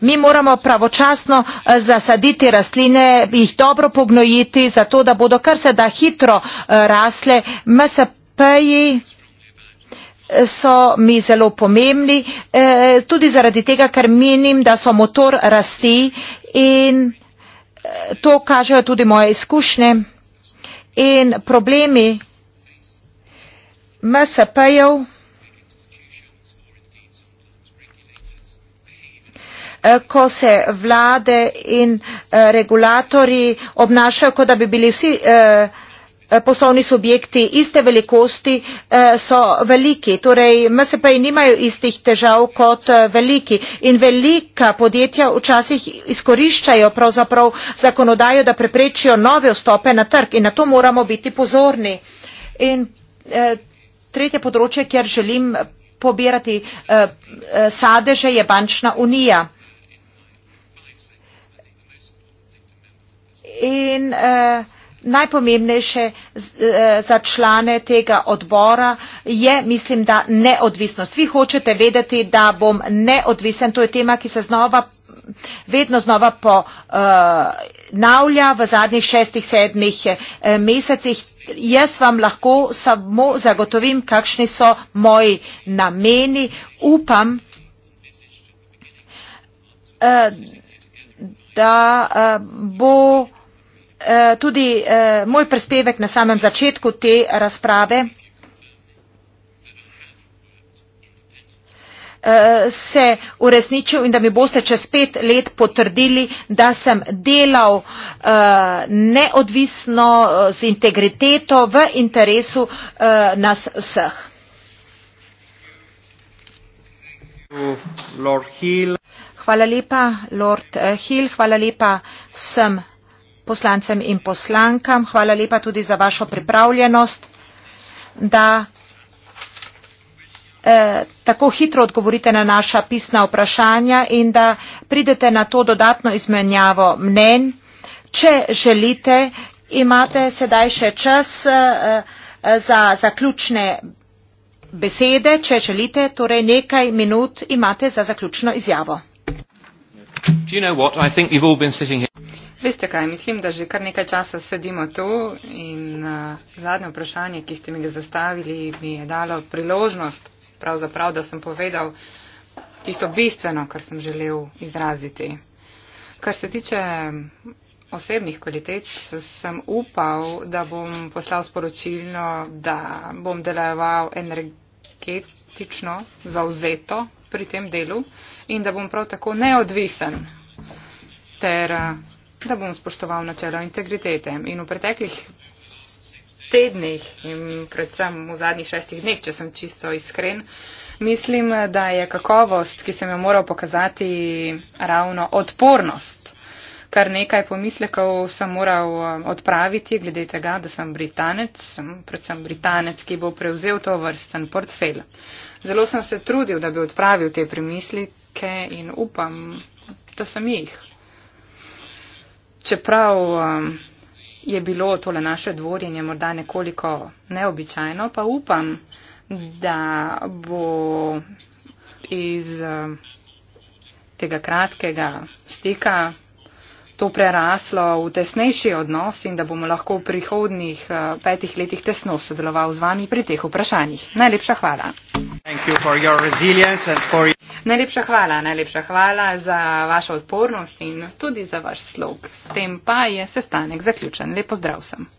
mi moramo pravočasno eh, zasaditi rastline jih dobro pognojiti zato da bodo kar se da hitro eh, rasle msp ji eh, so mi zelo pomembni tudi zaradi tega ker menim da so motor rasti in to kažejo tudi moje izkušnje in problemi msp jev Eh, ko se vlade in eh, regulatorji obnašajo kot da bi bili vsi eh, poslovni subjekti iste velikosti so veliki torej msp-ji nimajo istih težav kot veliki in velika podjetja včasih izkoriščajo pravzaprav zakonodajo da preprečijo nove vstope na trg in na to moramo biti pozorni in tretje področje kjer želim pobirati sadeže je bančna unija. in eh, najpomembnejše eh, za člane tega odbora je, mislim, da neodvisnost. Vi hočete vedeti, da bom neodvisen, to je tema, ki se znova, vedno znova ponavlja v zadnjih šestih, sedmih eh, mesecih. Jaz vam lahko samo zagotovim, kakšni so moji nameni. Upam, da bo Eh, tudi eh, moj prispevek na samem začetku te razprave eh, se uresničil in da mi boste čez pet let potrdili, da sem delal neodvisno z integriteto v interesu nas vseh. Hvala lepa, Lord Hill, hvala lepa vsem poslancem in poslankam. Hvala lepa tudi za vašo pripravljenost, da eh, tako hitro odgovorite na naša pisna vprašanja in da pridete na to dodatno izmenjavo mnenj. Če želite, imate sedaj še čas eh, eh, za zaključne besede. Če želite, torej nekaj minut imate za zaključno izjavo. Veste kaj, mislim, da že kar nekaj časa sedimo tu in uh, zadnje vprašanje, ki ste mi ga zastavili, mi je dalo priložnost, pravzaprav, da sem povedal tisto bistveno, kar sem želel izraziti. Kar se tiče osebnih kvalitet, sem upal, da bom poslal sporočilno, da bom delajeval energetično zauzeto pri tem delu in da bom prav tako neodvisen ter. Uh, da bom spoštoval načelo integritete. In v preteklih tednih in predvsem v zadnjih šestih dneh, če sem čisto iskren, mislim, da je kakovost, ki sem jo moral pokazati, ravno odpornost. Kar nekaj pomislekov sem moral eh, odpraviti, glede tega, da sem britanec, sem predvsem britanec, ki bo prevzel to vrsten portfelj. Zelo sem se trudil, da bi odpravil te premislike in upam, da sem jih. Čeprav um, je bilo tole naše dvorjenje morda nekoliko neobičajno, pa upam, da bo iz um, tega kratkega stika to preraslo v tesnejši odnos in da bomo lahko v prihodnih uh, petih letih tesno sodeloval z vami pri teh vprašanjih. Najlepša hvala. Najlepša hvala, najlepša hvala za vašo odpornost in tudi za vaš slog. S tem pa je sestanek zaključen. Lepo zdrav sem.